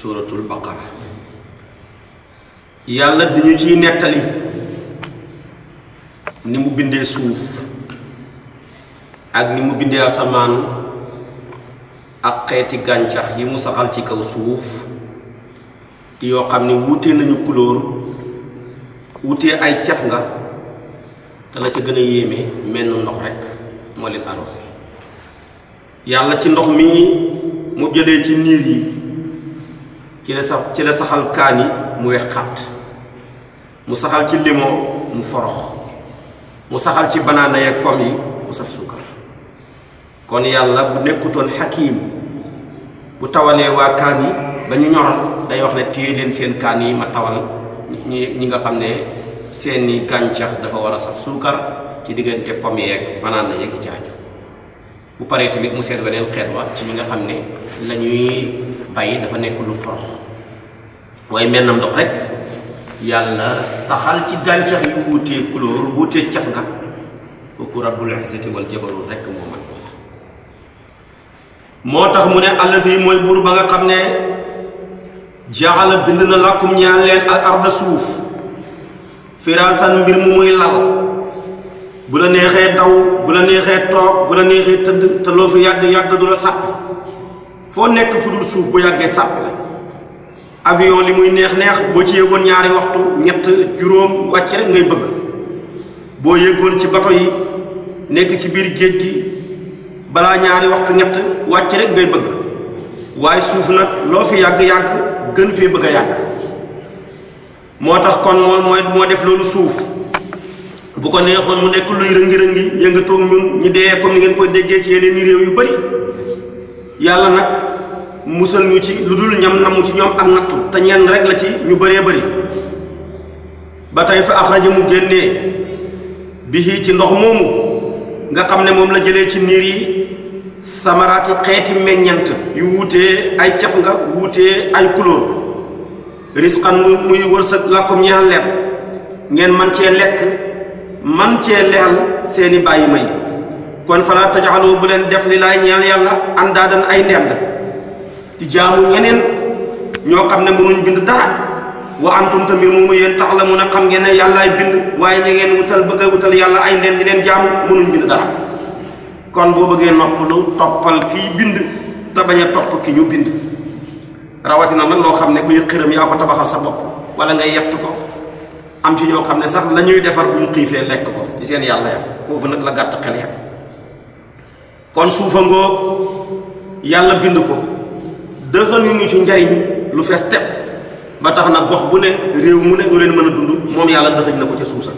suuratul baqara yàlla dañu ciy nettali ni mu bindee suuf ak ni mu bindee asamaan ak xeeti gàncax yi mu saxal ci kaw suuf yoo xam ne wute nañu couleur wuutee ay caf nga te la ci gën a yéeme menn ndox rekk moo leen arrosé yàlla ci ndox mi mu jëlee ci niir yi ci la sax ci la saxal kaani mu wex xat mu saxal ci limon mu forox mu saxal ci banaana yeeg pom yi mu saf suukar kon yàlla bu nekkutoon xakiim bu tawalee waa kaan yi ba ñu ñoral day wax ne téye leen seen kaani yi ma tawal ñi ñi nga xam ne seeni gàncax dafa war a saf suukar ci diggante pom yeeg banaana yeeg jaaju bu paree tamit mu seet weneen xeet wa ci ñi nga xam ne lañuy bay dafa nekk lu forox waaye mennam ndox rek yàlla saxal ci gàncax yu wutee couleur wutee caf nga kooku rabbul izzati wal jabarul rek moo man moo tax mu ne allazi mooy buur ba nga xam ne jaxala bind na làkkum ñaan leen al suuf firaasan mbir mu muy lal bu la neexee daw bu la neexee toog bu la neexee tëdd te loo fi yàgg yàgg du la sàpp foo nekk fu suuf bu yàggee sàpp avion li muy neex neex boo ci yëgoon ñaari waxtu ñett juróom wàcc rek ngay bëgg boo yéegoon ci bato yi nekk ci biir géej gi balaa ñaari waxtu ñett wàcc rek ngay bëgg waaye suuf nag loo fi yàgg-yàgg gën fee bëgg yàgg moo tax kon moo mooy moo def loolu suuf bu ko neexoon mu nekk luy rëngi-rëngi yëngatoog ñun ñu dee comme ni ngeen koy déggee ci yeneen i réew yu bari yàlla nag musal ñu ci lu dul ñam namu ci ñoom ak nattu te ñenn rek la ci ñu bëree bëri ba tey fa axraja mu génnee bihi ci ndox moomu nga xam ne moom la jëlee ci niir yi samaraati xeeti meññant yu wuutee ay caf nga wuutee ay couleur risqan mu muy wërsëg làkkum ñeexal leen ngeen man cee lekk man cee leel seeni bàyyi may kon fala tajaxaloo bu leen def li laay ñeel yàlla andaadan ay ndend di jaamu ñeneen ñoo xam ne mënuñ bind dara wa antum tamit moomu yéen tax la mun a xam ngeen ne yàllaay bind waaye ñi ngeen wutal bëgg a wutal yàlla ay ndend di leen jaamu mënuñ bind dara kon boo bëggee noppalu toppal kii bind te bañ a topp ki ñu bind rawatina la loo xam ne kuy xiram yaa ko tabaxal sa bopp wala ngay yett ko am ci ñoo xam ne sax lañuy defar bu ñu xiifee lekk ko ci seen yàlla ya nag la gàtt kon suufa ngóog yàlla bind ko dëxal ñu ci njariñ lu fees tepp ba tax na gox bu ne réew mu ne lu leen mën a dund moom yàlla dëxañ na ko ca suusa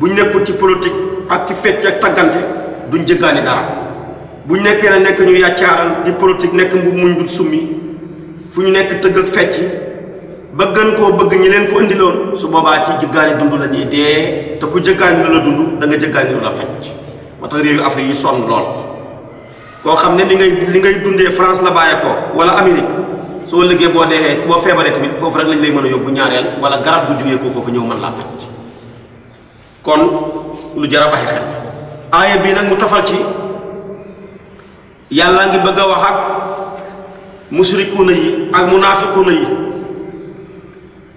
ñu nekkul ci politique ak ci fecc ak taggante duñ jëggaani dara buñ nekkee ne nekk ñu yàccaaral di politique nekk mbu muñ dul summi fu ñu nekk tëgg ak fecc ba gën koo bëgg ñi leen ko indiloon su boobaa ci jëggaani dund la ñuy dee te ku jëggaani lu la dund da nga jëggaani lu la fecc moo tax réew yu Afrique yi boo xam ne li ngay li ngay dundee France la bàyyeekoo wala Amérique soo liggéey boo deexee boo feebaree tamit foofu rek lañ lay mën a yóbbu ñaareel wala garab bu jugee ko foofu ñëw mën laa faj kon lu jar a bàyyi xel aaya bii nag mu tofal ci yàlla ngi bëgg a wax ak musrikuuna yi ak munaafiquuna yi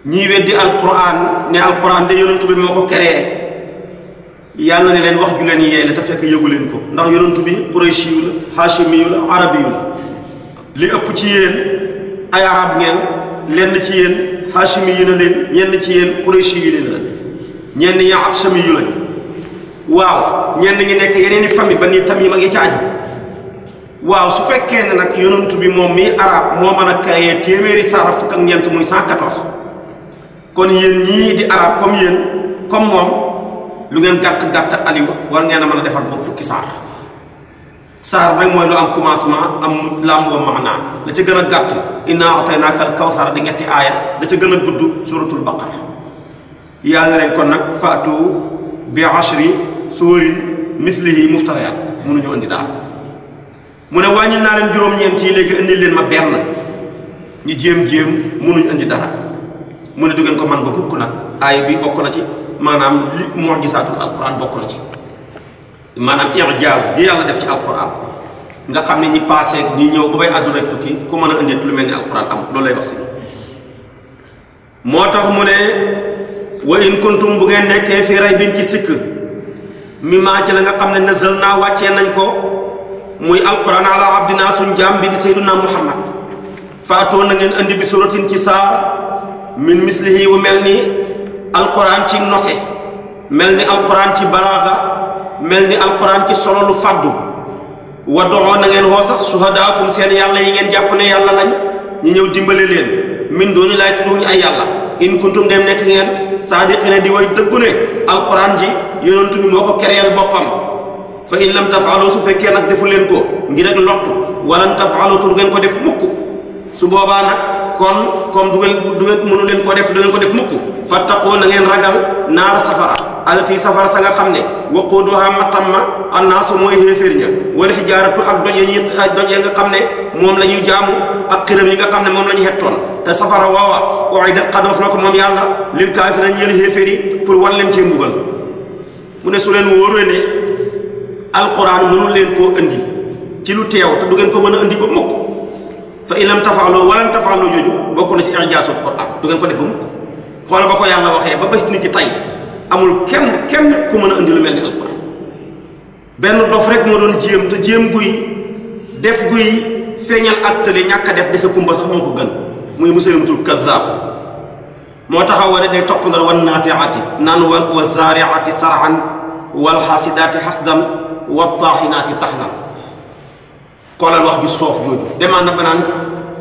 ñii weddi alquran ne alquran de yonent bi moo ko créé yàlla ne leen wax ju leen yee la te fekk yëgu leen ko ndax yonantu bi qurayshi yu la haashimi yu la arabi yu la li ëpp ci yéen ay arab ngeen lenn ci yéen haashimi yi na leen ñenn ci yéen qurayshi yi leen la waaw ñenn ñi nekk yeneen i famille ba ni tamim ak yi ca aju waaw su fekkee ne nag yonantu bi moom mii arab moo mën a créer téeméeri saara fukk ak ñeent muy 114 kon yéen ñii di arab comme yéen comme moom lu ngeen gàtt gàtt aliwa war ngeen a mën a defar boog fukki saar saar rek mooy lu am commencement am laam wa maanaa ca gën a gàtt innaa ataynaaka al kawsar di ñetti aaya la ca gën a gudd suratul baqara yàlla kon nag faatu bi ashri suwarin mislihi muftariyaat mënuñu indi mu ne wàññil naa leen juróom-ñeent yi léegi indil leen ma benn ñu jéem-jéem mënuñu indi dara mu ne du ko man ba fukk nag aaya bi bokk na ci maanaam li mujisaatul alquran bokk na ci maanaam irjaaz gi yàlla def ci alquran nga xam ne ñi passé ñi ñëw ba bay àdduna tukki ku mën a indi lu mel ni alquran am loolu lay wax si moo tax mu ne wa in kuntum bu ngeen nekkee bii raybin ci sikk mi maa ci la nga xam ne nazal naa wàccee nañ ko muy alquran ala abdina suñ jaam bi di sayyiduna muhammad faatoo na ngeen indi bi suratin ci saar min mislihi wu mel nii alquran ci nose mel ni alquran ci balaaga mel ni alquran ci solo lu faddu wa doxoo na ngeen woo sax suhadaakum seen yàlla yi ngeen jàpp ne yàlla lañ ñu ñëw dimbale leen min dooni laay tuduñu ay yàlla in kuntum dem nekk ngeen saadiqina di way dëggu ne alquran ji yonent bi moo ko kereel boppam fa in lam tafaalu su fekkee nag defu leen ko ngir ak lottu walan tafaalu tur ngeen ko def mukk su boobaa nag kon comme du ngeen du ngeen leen ko def du ko def mukk fattaqoo na ngeen ragal naara safara alati safara sa nga xam ne waquuduha mattam ma annaasu mooy xéeféer ña wala xijaaratu ak doj ya ñuy doj ya nga xam ne moom la ñuy jaamu ak xiram yi nga xam ne moom la ñu xettoon te safara waawa uiddat xadoof na ko moom yàlla lil kaafiriin ñeel xéeféer yi pour war leen cee mbugal mu ne su leen wóoree ne alquran mënul leen koo indi ci lu teew te du ko mën a indi ba mukk fa in lam tafaaloo walan tafaaloo jooju bokk na ci ijaasul quran du ngeen ko def mukk xoola ba ko yàlla waxee ba bés ni ci tey amul kenn kenn ku mën a indi lu mel ni alquran benn dof rek moo doon jéem te jéem guy def guy feeñal ak tële ñàkk a def desa kumba sa moo ko gën muy musalimatul kazaab moo taxaw wane day topp ngal wan naasiati naan wa wa zaariati sarhan wal xaasidaati xasdan wa taaxinaati taxnan xoolal wax bi soof jooju demaan na ba naan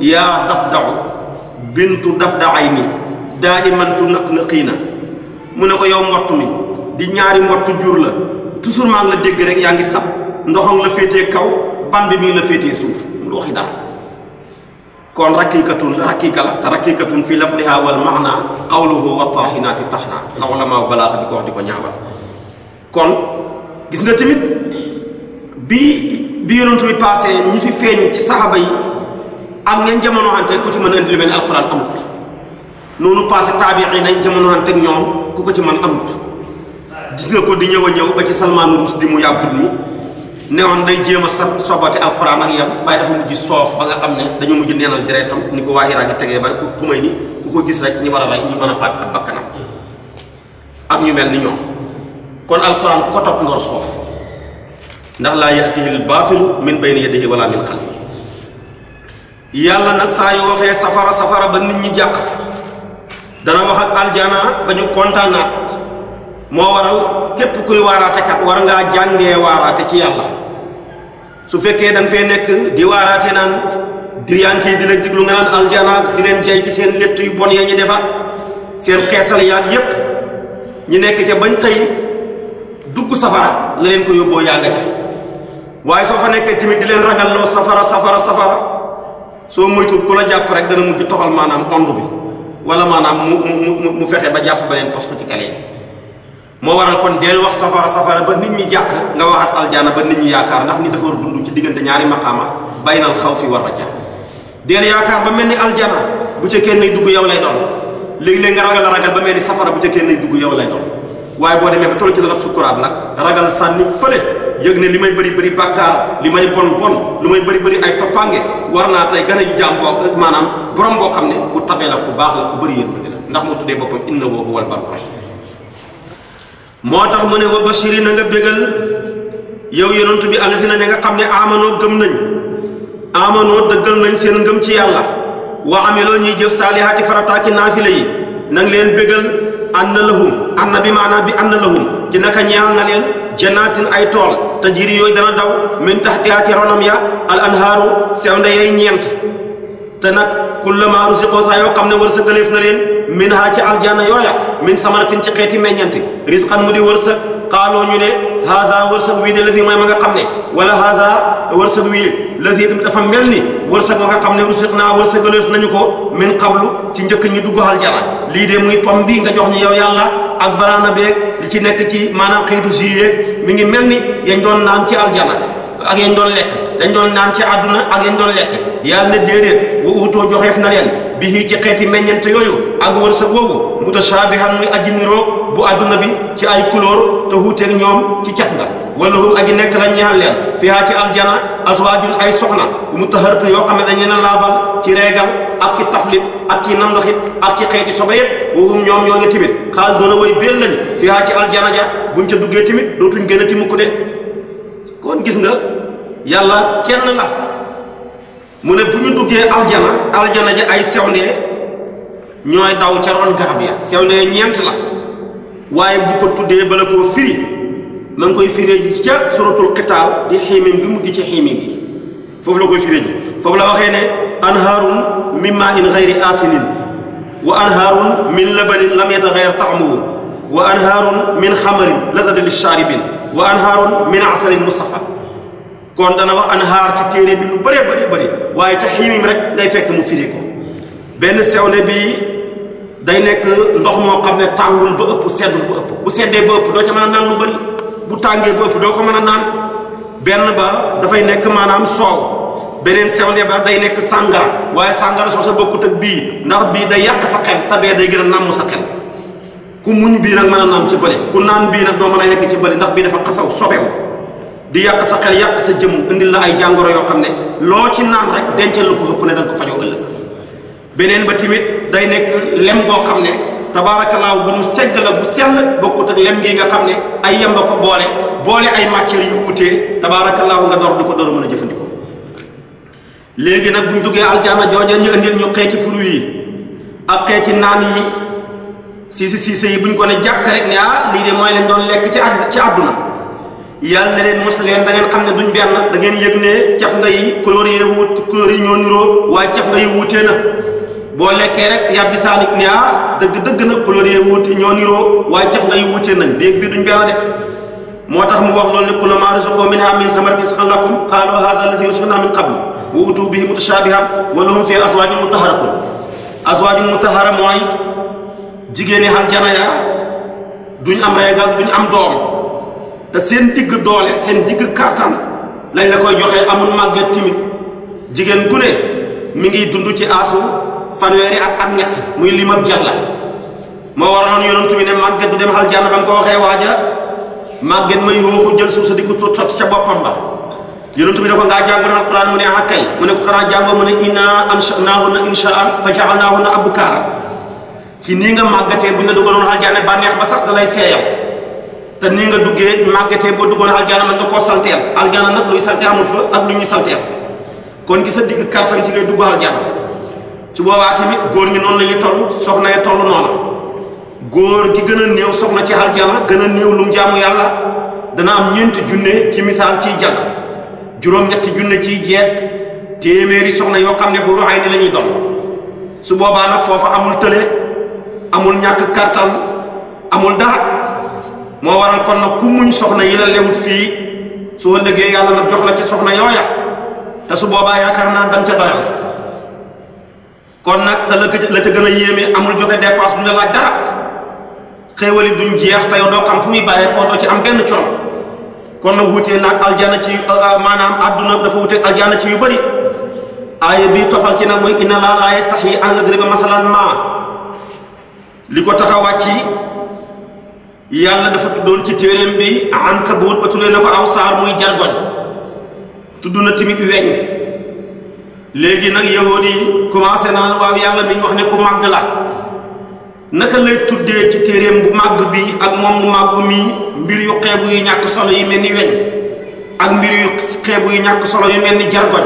yaa dafdaxu bintu dafdaxay ni daalimantu naq naqiina mu ne ko yow mbott mi ñaari mbott jur la toujours maa ngi la dégg rek yaa ngi sab ndoxam la kaw band suuf lu waxi kon raqiqatun raqiqa la te raqiqatun fi di ko wax di ko ñaawal kon gis nga tamit bi bi yonent bi passé ñi fi feeñ ci saxaba yi am nañ jamono hante ku ci mën a indi lu mel alquran amut noonu passé taabiin yi nañ jamono hante ak ñoom ku ci mën amut gis nga di ñëw a ñëw ba ci Salmaan Ruus di mu yàggut mi newoon day jéem a sa sobote alquran ak yam waaye ba nga xam ne dañu mujj neenal deretam ni ko waa Irak yi ba ku ko gis rek ñu war a rey ñu a faat ak ñu mel ni kon alquran ku ko topp nga soof ndax laa yatihi l baatilu min bayni yadihi wala min xalfi yàlla nag saa yu waxee safara safara ba nit ñi jàq dana wax ak aljana ba ñu kontaanaat moo waral képp kuy waaraate kat war ngaa jàngee waaraate ci yàlla su fekkee da nga fee nekk di waaraate naan diriyànke yi di leen diglu nga naan aljana di leen jay ci seen létt yu bon ya ñu defar seen xeesal yaag yépp ñi nekk ca bañ xëy dugg safara la leen ko yóbboo yaa waaye soo fa nekkee tamit di leen ragalloo safara safara safara soo moytuwul ku la jàpp rek dana mujj toxal maanaam ond bi wala maanaam mu mu mu fexe ba jàpp beneen pos ko ci kale yi moo waral kon deel wax safara safara ba nit ñi jàq nga wax waxaat aljana ba nit ñi yaakaar ndax ni dafa war dund ci diggante ñaari maqaama baynal fi war raja deel yaakaar ba mel ni aljana bu ca kenn dugg yow lay doon léegi-léeg nga ragal a ragal ba mel ni safara bu ca kenn yow lay doon waaye boo demee ba toll ci la sukkuraat nag ragal sànni fële yëg ne li may bari bëri bàkkaar li may bon bon lu may bari bari ay toppaange war naa tey gën a jaam boo maanaam borom boo xam ne bu tabee la ku baax la ku bëri yërmande la ndax moo tuddee boppam innahu huwal barru moo tax mu ne wa na nga bégal yow yonent bi alazina ña nga xam ne amanoo gëm nañ amanoo dëggal nañ seen ngëm ci yàlla wa ameloo ñuy jëf saalihaati farataaki naafila yi nang leen bégal an na lahum an na bi maanaam bi an na lahum ci naka ñeel na leen janaatin ay tool te jiri yooyu dana daw min taxtihaa ci ronam ya al anhaaru sew nde yay ñeent te nag kullama rusiqoo saa yoo xam ne wërsëg gëleef na leen min haa ci aljanna yooya min samaratin ci xeeti meññanti risqan mu di wërsëg xaaloo ñu ne haada wërsëg wii de lazi mooy ma nga xam ne wala haada wërsëg wii lazi itam dafa mel ni wërsëg ma xam ne rusiq naa wërsëgalees nañu ko min qablu ci njëkk ñu dugg aljana lii de ngi pom bi nga jox ñu yow yàlla ak banaana beeg li ci nekk ci maanaam xëytu si yéeg mi ngi mel ni yañ doon naan ci aljana ak yéen doon lekk dañ doon naan ci àdduna ak yéen doon lekk yàlla ne déedéet wa uutoo joxeef na leen bihi ci xeeti meññent yooyu ak wërsëg woowu mutashaabihan muy aji niroog bu àdduna bi ci ay couleur te wuuteeg ñoom ci caf nga wala hum aji nekk la ñaan leen fiha ci aljana azwaajun ay soxna mutaharatu yoo xam ne dañ leen a laabal ci reegal ak ci taflit ak ci nandaxit ak ci xeeti sobe yëpp wahum ñoom ñoo ngi timit xaal doona way bél lañ ja buñ ca duggee timit dootuñ gën a kon gis nga yàlla kenn la mu ne bu ñu duggee aljana aljana ji ay sewndee ñooy daw ca roon garab ya sewndee ñeent la waaye bu ko tuddee bala koo firi ma koy firee ji ca suratul xitaal di xiimim bi mujj ci xiimim bi foofu la koy firee ji foofu la waxee ne anhaarun min maa in gayri asinin wa anhaarun min labanin lam yataxayar taamuhu wa anhaarun min xamarin lazada lishaaribin wa anhaarun min asalin mustafa kon dana wax anhaar ci téere bi lu bëree bëri bëri waaye ca xiimim rek ngay fekk mu firi ko benn sewnde bi day nekk ndox moo xam ne tàngul ba ëpp seddul ba ëpp bu seddee ba ëpp doo ca mën a naan lu bëri bu tàngee ba ëpp doo ko mën a naan benn ba dafay nekk maanaam soow beneen sewnde ba day nekk sàngara waaye sàngara soo sa bokkut ak bii ndax bii day yàq sa xel tabee day gën a nàmm sa xel ku muñ bii nag mën a naan ci bële ku naan bii nag doo mën a yegg ci bële ndax bii dafa xasaw sobew di yàq sa xel yàq sa jëmm indil la ay jàngoro yoo xam ne loo ci naan rek dencal lu ko xëpp ne da nga ko fajoo ëllëg beneen ba tamit day nekk lem goo xam ne tabaarakallaahu bu ñu segg la bu sell bokkut ak lem gi nga xam ne ay yemba ko boole boole ay matières yu wutee tabaarakallaahu nga door di ko door a mën a jëfandikoo léegi nag buñ duggee aljaana jooja ñu indil ñu xeeti furu yi ak xeeti siise siise yi buñ ko ne jàkk rek ne ah lii de mooy leen doon lekk ci àdd ci àdduna yàlla na leen mos leen da ngeen xam ne duñ benn da yëg ne caf nga yi couleur yi wut couleur yi ñoo niroo waaye caf nga yi wuutee na boo lekkee rek yàbbi saanik ne ah dëgg dëgg na couleur yi wuute ñoo niroo waaye caf nga yi wuutee nañ béeg bii duñ benn de moo tax mu wax loolu ne kullu maa razaqakum minhaa min thamarin rizqan lakum qaalu haadhaa allazii rizaqnaa min qablu wa utuu bihi mutashaabihan wa lahum mooy jigéen yi aljana ya duñ am reegal duñ am doom te seen digg doole seen digg kàttan lañ la koy joxe amul màgget timit jigéen gu ne mu ngi dund ci aasu fanweeri at ak ñett muy limab jàlla moo waraloon yonent bi ne màgget du dem aljana ba mu ko waxee waaja màgget may yooxu jël suuf sa di ko tot ca boppam ba yonent bi ne ko ngaa jàngoon alquran mu ne ah kay mu ne ko xanaa jàngoo mu ne inna ansha'naahunna inshaa'an fa ja'alnaahunna abkaara ci nii nga màggatee bu ñu la dugaloon bànneex ba sax da lay te nii nga duggee màggatee boo duggoon aljaane man nga koo salteel aljaane nag luy salte amul fa ak lu ñuy salteel kon gi sa digg kartam ci ngay dugg aljaane su boobaa tamit góor ñi noonu la ñuy toll soxna ya toll noonu góor gi gën a néew soxna ci aljaane gën a néew lu mu yàlla dana am ñeenti junne ci misaal ciy jànq juróom-ñetti junne ciy jeet téeméeri soxna yoo xam ne xuuru ay amul ñàkk kàttan amul dara moo waral kon na ku muñ soxna yi la lewut fii soo ëllëgee yàlla nag jox la ci soxna yooya te su boobaa yaakaar naa danga ca doyal kon nag te la ca gën a yéeme amul joxe dépense du la laaj dara xéewali duñ jeex te yow doo xam fu muy bàyyee koo doo ci am benn coon kon nag wutee naag aljana ci euh, euh, maanaam àdduna dafa wuteeg aljana ci yu bëri aaya bii tofal ci nag mooy inna laa laa yastaxi an yadriba masalan maa li ko tax a wàcc yàlla dafa doon ci téeréem bi ankabut ba tuddee na ko aw saar muy jargoñ tudd na timit weñ léegi nag yahood yi commencé naan waaw yàlla mi wax ne ku màgg la naka lay tuddee ci téeréem bu màgg bi ak moom màgg mi mbir yu xeebu yu ñàkk solo yu mel ni weñ ak mbir yu xeebu yu ñàkk solo yu mel ni jargoñ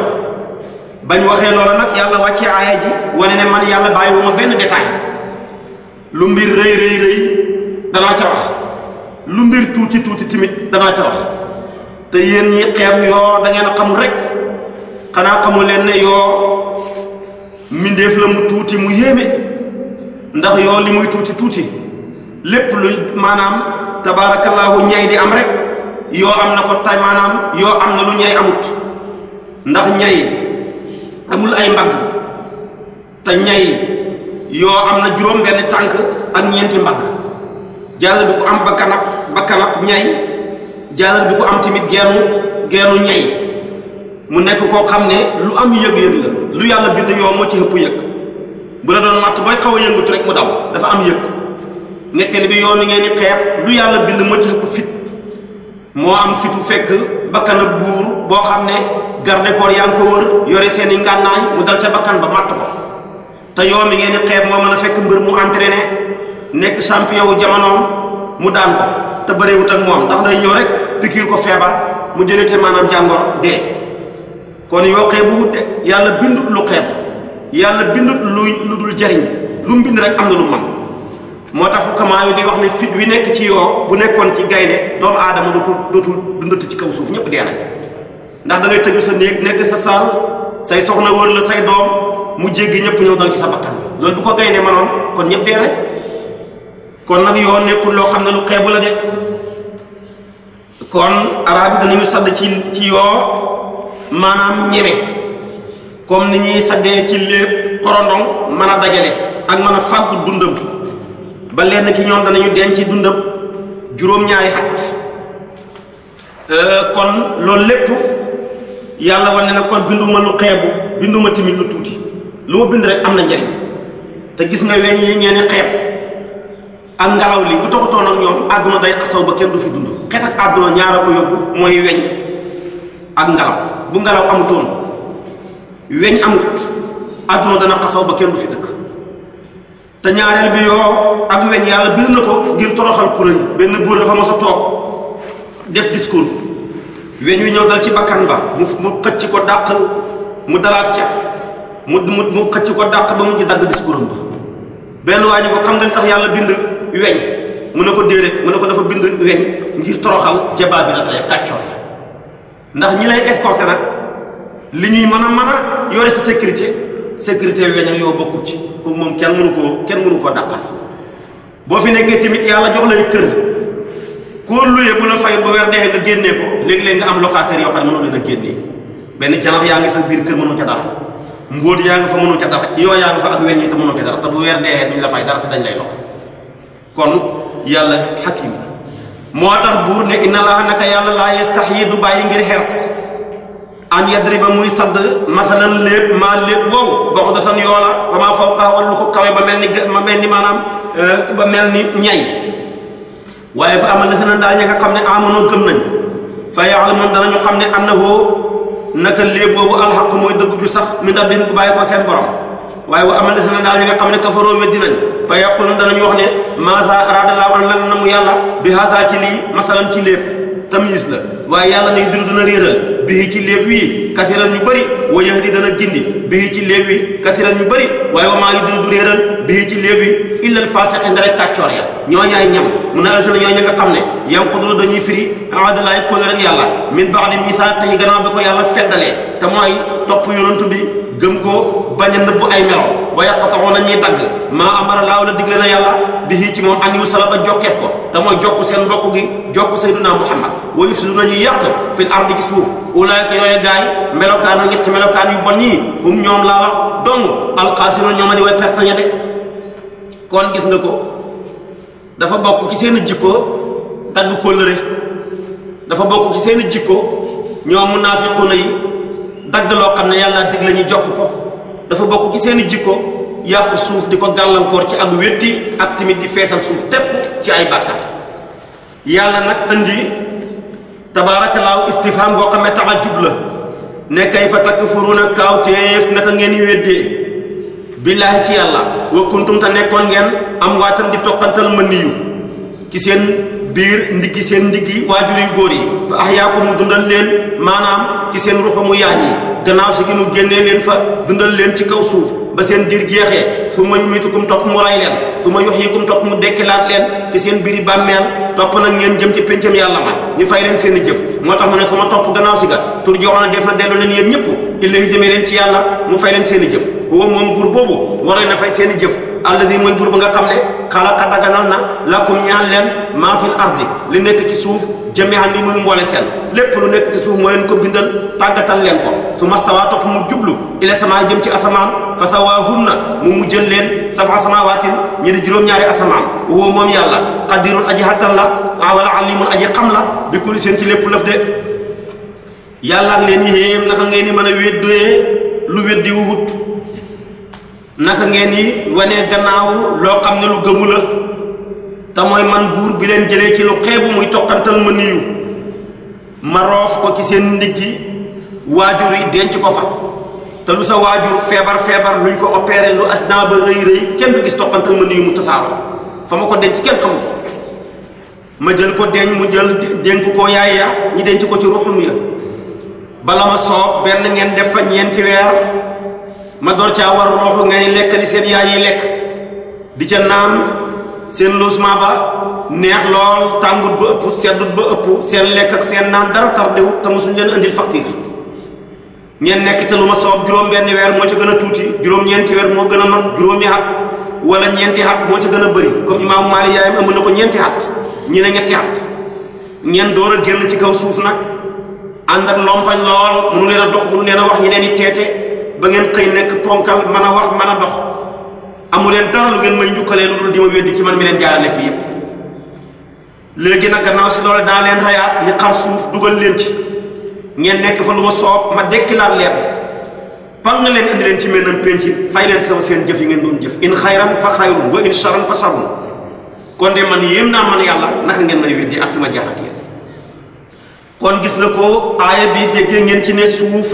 bañ waxee loola nag yàlla wàccee aaya ji wane ne man yàlla bàyyiwu ma benn détail lu mbir rëy rëy danaa ca lu mbir tuuti tuuti timit danaa ca te yéen ñi xeeb yoo da ngeen a xanaa xamul leen ne yoo mbindeef la mu tuuti mu yéeme ndax yoo li muy tuuti tuuti lépp luy maanaam tabaarakallaahu ñay di am rek yoo am na ko tay yoo am na lu ñay amut ndax ñay amul ay mbagg te ñay yoo am na juróom benn tànk ak ñeenti mbagg jaalar bi ko am bakkan ak bakkan ñay jaalar bi ko am tamit geenu geenu ñay mu nekk koo xam ne lu am yëg-yëg la lu yàlla bind yoo moo ci ëpp yëg bu la doon matt booy xaw dafa am yëg ñetteel bi yoon mi ngeen di lu yàlla bind moo ci ëpp fit moo am fitu fekk bakkan ak buur boo xam ne garde corps yaa ngi ko wër yore seeni ngànnaay mu dal ca bakkan ba matt ko te yoon mi ngeen di xeeb moo mën a fekk mbër mu entraîné nekk champion wu jamonoom mu daan ko te bëreewut ak moom ndax day ñëw rek pikiir ko feebar mu jëlee te maanaam jàngor dee kon yoo xeebuwut de yàlla bind lu xeeb yàlla bindut lu lu dul jariñ lu mu bind rek am na lu man moo tax xukamaa yu di wax ne fit wi nekk ci yoo bu nekkoon ci gaynde doomu aadama dootul dootul dundati ci kaw suuf ñépp dee nañ ndax da ngay tëju sa néeg nekk sa saal say soxna wër la say mu jéggi ñëpp ñëw dal ci sa bakkan loolu bu ko gaynde manoon kon ñëpp dee rek kon nag yoo nekkul loo xam ne lu xeebu la de kon arab yi danañu sadd ci ci yoo maanaam ñeme comme ni ñuy saddee ci lépp xorondong mën a dajale ak mën a fàggu dundam ba lenn ki ñoom danañu denc dundam juróom-ñaari xat euh, kon loolu lépp yàlla wane na kon binduma lu xeebu binduma timit lu tuuti lu ma bind rek am na njariñ te gis nga weñ yi ñeeni xeet ak ngelaw li bu taxutoon ak ñoom àdduna day xasaw ba kenn du fi dund xeet ak àdduna ñaara ko yóbbu mooy weñ ak ngelaw bu ngelaw amutoon weñ amut àdduna dana xasaw ba kenn du fi dëkk te ñaareel bi yoo ak weñ yàlla bind na ko ngir toroxal kuréy benn góor dafa mos a toog def discours weñ wi ñëw dal ci bakkan ba mu mu xëcc ko dàqal mu dalaat ca mu mu mu xëcc ko dàq ba mu ngi dagg discours ba benn waa ji ko xam nga ni tax yàlla bind weñ mu ne ko déedéet mu ne ko dafa bind weñ ngir toroxal jabaa bi na tey kàccoor ya ndax ñi lay escorté nag li ñuy mën a mën a yore sa sécurité sécurité weñ ak yow bokkul ci kooku moom kenn mënu koo kenn mënu koo dàqal boo fi nekkee tamit yàlla jox lay kër koo luyee bu na fay bu weer dee nga génnee ko léegi-léeg nga am locataire yoo xam leen a génnee benn janax yaa ngi sa biir kër mënoo ca dara mbóot yaa nga fa mënu ca dara yoo yaa nga fa te bu weer dee duñ la fay dara te dañ lay loxo kon yàlla xakim moo tax buur ne inna laa naka yàlla laa yastaxyi du bàyyi ngir xers an yadriba muy sadd masalan lépp maa lépp wow baxdatan yoola ba maa fawqahaa wala lu ko kawe ba mel ni ma mel ni maanaam eh, ba mel ni ñay waaye fa amal na daal ña xam ne amanoo gëm nañ fa ya'lamuun danañu xam ne annahu naka léeb boobu alxaqu mooy dëgg ju sax min rabbihim ku bàyyi ko seen borom waaye wa amal na daal ñi xam ne kafaroo weddi nañ fa yaqulun danañu wax ne maasa araada laahu an lan na mu yàlla bi haasa ci lii masalan ci léeb tamyiis la waaye yàlla nay dund dana réeral bihi ci léeb wii kasiran ñu bëri wa yahdi dana gindi bihi ci léeb wi ñu bëri waaye wa maa yi dund du réeral bihi ci léeb wi illal faasiqi ndara kàccoor ya ñoo ñaay ñam mun na alsina ñoo ña nga xam ne yanquduna dañuy firi ahdalaay kóolaren yàlla min ba'di miisaaq yi gannaaw ba ko yàlla feddalee te mooy topp yonantu bi gëm ko bañ a nëbbu ay melo wa yaqta'una ñuy dagg maa amara laaw la digle na yàlla bihi ci moom an yusala ba jokkeef ko te mooy jokku seen mbokk gi jokku sayyiduna muhammad wa yufsiduna ñuy yàq fil ardi ci suuf ulaayka yooye gaay melokaanu ñetti melokaan yu bon ñii um ñoom laa wax dong alxaasirun ñooma di way perte de kon gis nga ko dafa bokk ci seen jikko dagg kóllëre dafa bokk ci seen jikko ñoom munaafiquna yi dagg loo xam ne yàlla dig la ñu jokk ko dafa bokk ci seeni jikko yàq suuf di ko gàllankoor ci ak weddi ak tamit di feesal suuf tepp ci ay bàkkaar yàlla nag indi tabaarakallaahu istifhaam goo xam ne taajub la nekk kay fa takk furuuna kaawteef naka ngeen weddee billaahi ci yàlla wa kuntum te nekkoon ngeen am waatan di toppantal ma niyu ci seen biir ndiggi seen ndiggi waa yu góor yi fa axyaakum mu dundal leen maanaam ci seen ruxamu yaay yi gannaaw si gi mu génnee leen fa dundal leen ci kaw suuf ba seen diir jeexee su ma yumitukum topp mu ray leen su ma yuxyikum topp mu dekkilaat leen ci seen biiri bàmmeel topp nag ngeen jëm ci péncam yàlla ma ñu fay leen seen i jëf moo tax mu ne su ma topp gannaaw si ga tur joxoon def na dellu leen yéen ñëpp illahi jëmee leen ci yàlla mu fay leen seen i jëf huwa moom guur boobu leen fay seen i jëf allazi mooy buur nga xam ne xalaqa daganal na lakum ñaan leen maa ardi li nekk ci suuf jami'an li muy mboole seen lépp lu nekk ci suuf moo leen ko bindal tàggatal leen ko su waa topp mu jublu ila sama jëm ci asamaan fa sawaahunna mu mu jël leen sab'a samawaatin ñi di juróom-ñaari asamaan woo moom yàlla qadirun aji xattan la wala alimun aji xam la bi kulli seen ci lépp lëf de yàlla ak leen yéem naka ngeen ni a wéddee lu weddi naka ngeen di wane gannaaw loo xam ne lu gëmu la te mooy man buur bi leen jëlee ci lu xeebu muy toqantal ma niyu ma roof ko ci seen ndiggi yi waajur yi denc ko fa te lu sa waajur feebar feebar luñ ko opéré lu accident ba rëy rëy kenn du gis toqantal ma niyu mu tasaaroo fa ma ko denc kenn xamu ma jël ko denc mu jël dénk ko yaay ya ñu denc ko ci ruxum ya bala ma soob benn ngeen def fa ñeenti weer ma door caa war rooxu ngay lekk li seen yaay yi lekk di ca naan seen logement ba neex lool tàngut ba ëpp seddut ba ëpp seen lekk ak seen naan dara tardewut te mosuñ leen andil facture ñeen nekk te lu ma soob juróom benn weer moo ca gën a tuuti juróom-ñeenti weer moo gën a mat juróomi at wala ñeenti at moo ca gën a bëri comme imaamu Maalik yaayam na ko ñeenti at ñi ne ñetti at ñeen door a génn ci kaw suuf nag ànd ak lompañ lool mënu leen a dox mënu leen a wax ñeneen i ba ngeen xëy nekk ponkal man a wax mën a dox amu leen dara lu ngeen may njukkalee lu dul di ma weddi ci man mi leen jaarale fii yépp léegi nag gannaaw si loolu daa leen rayaat ni xar suuf dugal leen ci ngeen nekk fa lu ma soob ma dekkilaat leen pang leen indi leen ci mennam penc fay leen sama seen jëf yi ngeen doon jëf in xayran fa xayrun wa in charan fa charun kon de man yéem naa man yàlla naka ngeen mën a weddi ak fi ma jaar ak yéen kon gis nga ko aaya bi déggee ngeen ci ne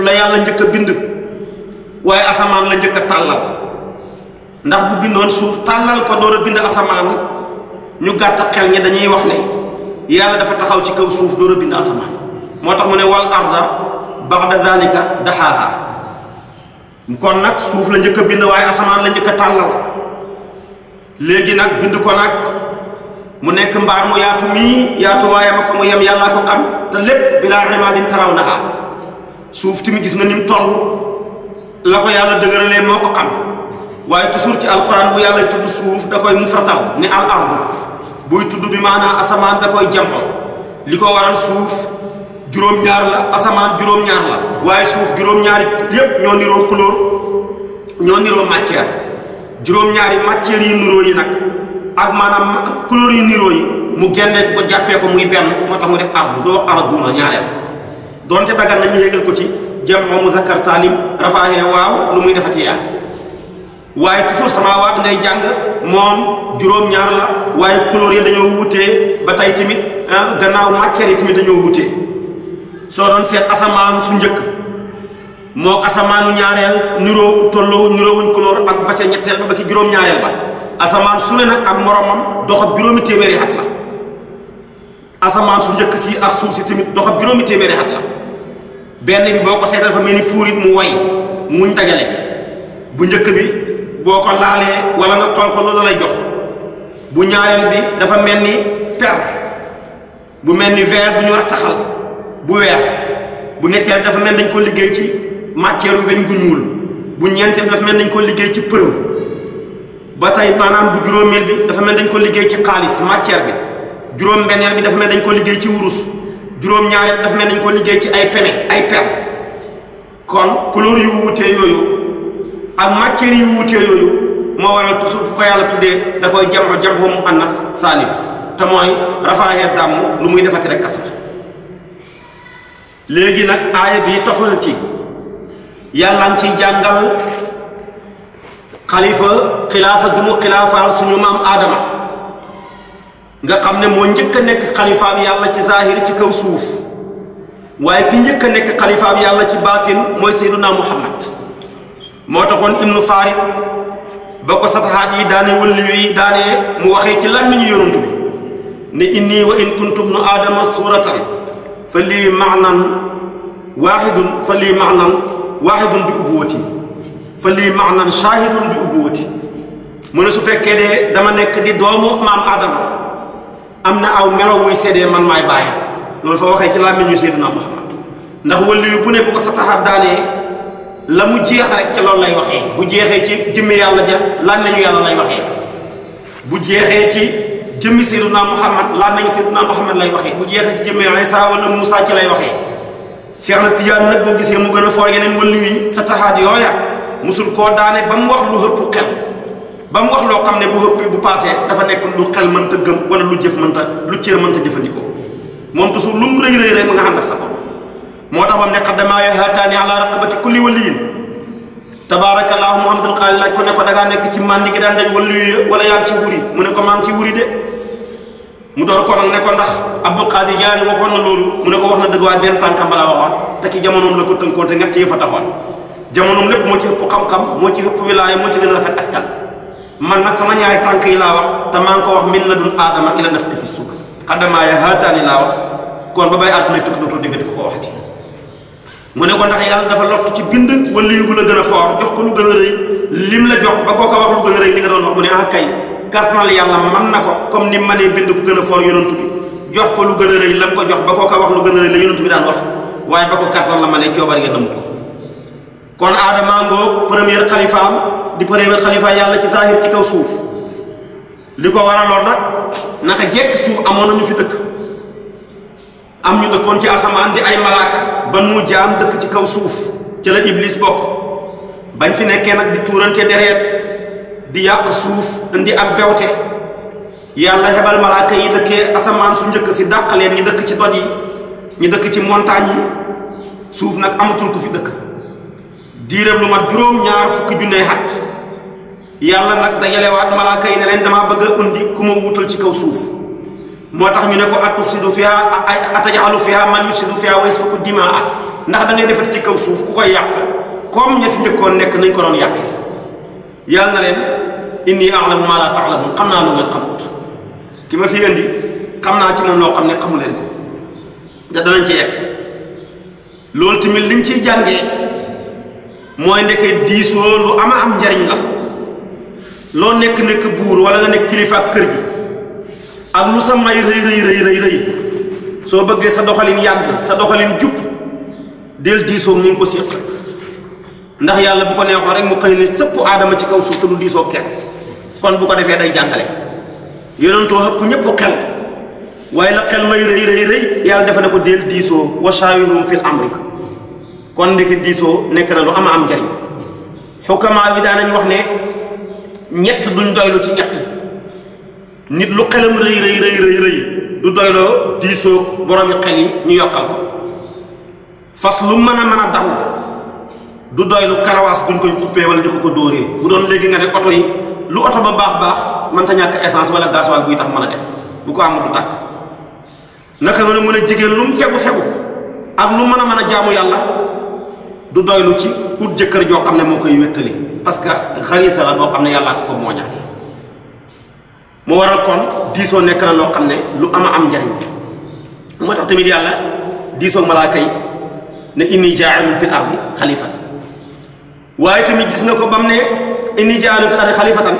la yàlla njëkk a bind waaye asamaan la njëkk a tàllal ndax bu bindoon suuf tàllal ko door a bind asamaan ñu gàtt xel ñi dañuy wax ne yàlla dafa taxaw ci kaw suuf door a bind asamaan moo tax mu ne wal arda ba'da zalika daxaaha kon nag suuf la njëkk a bind waaye asamaan la njëkk a tàllal léegi nag bind ko nag mu nekk mbaar mu yaatu mii yaatu waaye ma fa mu yem yàllaa ko xam te lépp bilaa imaadin taraw naha suuf tamit gis nga ni mu la ko yàlla dëgëralee moo ko xam waaye toujours ci alquran bu yàlla tudd suuf da koy mufratal ni al ard buy tudd bi maanaam asamaan da koy jamxo li ko waral suuf juróom-ñaar la asamaan juróom-ñaar la waaye suuf juróom-ñaari yépp ñoo niroo couleur ñoo niroo matière juróom-ñaari matière yi niroo yi nag ak maanaam couleur yi niroo yi mu génnee ko jàppee ko muy benn moo tax mu def ardu doo wax ardu na ñaareel donte dagal nañu yégal ko ci jamu muzakkar saalim rafaahe waaw lu muy defati yaa waaye toujours samaawaat ngay jàng moom juróom-ñaar la waaye couleur yi dañoo wutee ba tey tamit ah, gannaaw matière yi tamit dañoo wutee soo doon seet asamaan su njëkk moo asamaanu ñaareel niroo tolloo niroowuñ couleur ak ba ca ñetteel ba ba ci juróom-ñaareel ba asamaan su ne nag ak moromam doxab juróomi téeméeri at la asamaan su njëkk si ak suuf si tamit doxab juróomi téeméeri at la benn bi boo ko seetal fa mel ni fuurit mu way muñ dajale bu njëkk bi boo ko laalee wala nga xool ko loolu lay jox bu ñaareel bi dafa mel ni per bu mel ni verre bu ñu rattaxal bu weex bu netteel dafa mel dañ ko liggéey ci matière weñ gu ñuul bu ñeenteel dafa mel dañ ko liggéey ci përëm ba tey maanaam bu juróomeel bi dafa mel dañ ko liggéey ci xaalis matière bi juróom-benneel bi dafa mel dañ ko liggéey ci wurus juróom-ñaareel daf mel nañ ko liggéey ci ay pene ay per kon couleur yu wuutee yooyu ak matière yu wuutee yooyu moo waral toujours fu ko yàlla tuddee da koy jamxo mu annas saalim te mooy rafaaxee dàmm lu muy defati rek kasab léegi nag aaya bi tofal ci yàlla ci jàngal xalifa xilaafa ju mu xilaafaal suñu maam aadama nga xam ne moo njëkk a nekk xalifaam yàlla ci zaahir ci kaw suuf waaye ki njëkk nekk xalifaam yàlla ci baatin mooy seyduna muhammad moo taxoon ibnu farid ba ko satahaat yi daane wëlli wi daane mu waxee ci làmmiñu yonantu bi ne inni wa in kuntu ibnu aadama suuratan fa lii maanan waaxidun fa lii maanan waaxidun bi ubuwati fa lii maanan shaahidun bi ubuwati mu ne su fekkee de dama nekk di doomu maam aadama am na aw melow wuy seedee man maay bàyyi loolu fa waxee ci làmmiñu Seydina Muhammad ndax wëlli bu nekk ko sa taxaat daanee la mu jeex rek ca loolu lay waxee bu jeexee ci jëmmi yàlla ja làmmiñu yàlla lay waxee bu jeexee ci jëmmi Seydina Muhammad làmmiñu Seydina Muhammad lay waxee bu jeexee ci jëmmi Isa wala Moussa ci lay waxee Cheikh na Tijaan nag boo gisee mu gën a foor yeneen wëlli yi sa taxaat yooya musul koo daane ba mu wax lu hëpp xel ba mu wax loo xam ne bu bu paasee dafa nekk lu xel mënta gëm wala lu jëf mënta lu cër mënta jëfandikoo moom toujours lu mu rëy rëy rëy mu nga ànd ak sa bopp moo tax ba mu ne xaddamaa yo haataani ala raqabati kulli waliyin tabaarakallaahu muhammadul xaali laaj ko ne ko da ngaa nekk ci màndi gi daan daj waliyu wala yaa ngi ci wuri ko maa ngi ci wuri de mu door waxoon na loolu mu ne ko wax na dëgg waaye benn tànkam balaa waxoon te ki jamonoom la ko tënkoon te ñett yi fa taxoon jamonoom lépp moo ci ëpp xam-xam moo ci ëpp wilaaya moo ci gën a rafet askan man nag sama ñaari tànk yi laa wax te maa ko wax min na dun aadama ila naf fi suuf xaddamaa ya haataani laa wax kon ba bay àdduna tukki dootoo diggati ko ko ne ko ndax yàlla dafa ci bind wala la gën a jox ko lu gën a rëy lim la jox wax lu gën a rëy li nga doon wax mu ne ah kay kartanal yàlla man na ko comme ni manee bind gën a foor jox ko lu gën a rëy ko jox ba koo ko wax lu gën a rëy la yonantu bi daan wax waaye ba ko kartanal la ma ne coobar ngeen namu ko kon aadama ngoog premier xalifaam di premier xalifa yàlla ci zahir ci kaw suuf li ko waraloon nag naka jekk suuf amoon nañu fi dëkk am ñu dëkkoon ci asamaan di ay malaaka ba nu jaam dëkk ci kaw suuf ci la iblis bokk bañ fi nekkee nag di tuurante dereet di yàq suuf indi ak bewte yàlla hebal malaaka yi dëkkee asamaan su njëkk si dàq leen ñi dëkk ci doj yi ñi dëkk ci montagne yi suuf nag amatul ku fi dëkk diiram lu mat juróom ñaar fukki junney xat yàlla nag dajalewaat malaaka yi ne leen damaa bëgg a undi ku ma wuutal ci kaw suuf moo tax ñu ne ko atufsidu fiha atajalu fiha man yufsidu fiha wa yasfiku dimaa ndax dangay ngay ci kaw suuf ku ko yàq comme ña fi nekk nañ ko doon yàq yàlla na leen inni alamu ma la taalamun xam naa lu ngeen xamut ki ma fi indi xam naa ci moom loo xam ne xamu leen ko da danañ ci yegg loolu tamit li ciy jàngee mooy ndeke diisoo lu ama am njariñ la loo nekk nekk buur wala la nekk kilifa ak kër gi ak lu sa may rëy rëy rëy soo bëggee sa doxalin yàgg sa doxalin jub del diisoo mu ngi ko séq ndax yàlla bu ko neexoon rek mu xëy ne sëpp aadama ci kaw suuf te du diisoo kenn kon bu ko defee day jàngale yonentoo ëpp ñépp xel waaye la xel may rëy rëy yàlla defe na ko del diisoo wa shaawirhum fil amri kon ndeke diisoo nekk na lu ama am njariñ xukamaa yi daanañ wax ne ñett duñ doylu ci ñett nit lu xelam rëy rëy rëy du doyloo diisoo boroomi xel yi ñu yokkal ko fas lu mën a mën a daw du doylu karawaas buñ koy coupé wala di ko ko dóoree bu doon léegi nga ne oto yi lu oto ba baax baax mënta ñàkk essence wala gasoil buy tax mën a def bu ko amul du tàkk naka nga mën a jigéen lu mu fegu fegu ak lu mën a mën a jaamu yàlla du doylu ci ut jëkkër joo xam ne moo koy wéttali parce que xarisa la boo xam ne yàllaa ko ko mooñaale mu waral kon diisoo nekk na loo xam ne lu ama am njariñ moo tax tamit yàlla diisoo malaaka yi ne inni jaailun fil ardi xalifatan waaye tamit gis nga ko bam ne inni jaailun fil ardi xalifatan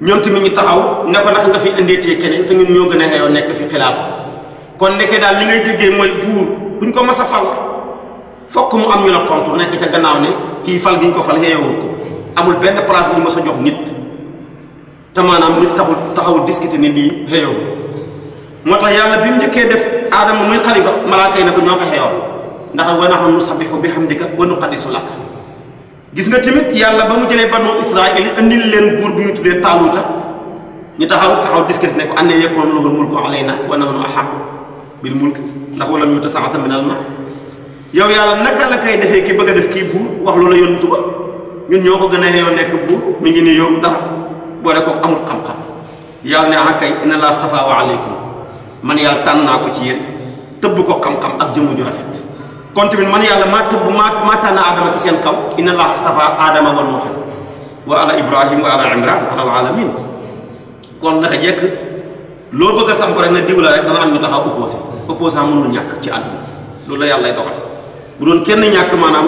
ñoom tamit ñu taxaw ne ko ndax nga fi indeetee keneen te ñun ñoo gën a xeyoo nekk fi xilaafa kon nekkee daal li ngay déggee mooy buur buñ ko mas a fal fokk mu am ñu la contre nekk ca gannaaw ne kii fal gi ñu ko fal yeewoo ko amul benn place bu ñu mës a jox nit te maanaam nit taxul taxawul discuter nit ñi xëyoo moo tax yàlla bi mu njëkkee def aadama muy xalifa malaaka yi ne ko ñoo na xëyoo ndax wa nahnu nusabbihu bihamdika wa nuqaddisu lak gis nga tamit yàlla ba mu jëlee banu israil andil leen buur bi ñu tuddee ñu taxaw taxaw discuter ne ko annaa yakuunu lahul mulku alaynaa wa nahnu ahaqqu bil mulk ndax yow yàlla naka la kay defee ki bëgg a def kii buur wax loola yonentu ba ñun ñoo ko gën a yoo nekk buur mi ngi nii yow dara boole ko amul xam-xam yàlla ne ah kay inna laa stafaawa aleykum man yàlla tànn naa ko ci yéen tëbb ko xam-xam ak jëmm ju rafet kon tamit man yàlla maa tëbb maa maa tànn aadama ci seen kaw inna laa stafaa aadama wa nuuha wa ala ibrahim wa ala imran ala alamin kon naka jekk loo bëgg a samp rek na diw la rek dana am ñu taxaw opposé opposant mënul ñàkk ci àdduna loolu la yàlla lay doxal bu doon kenn ñàkk maanaam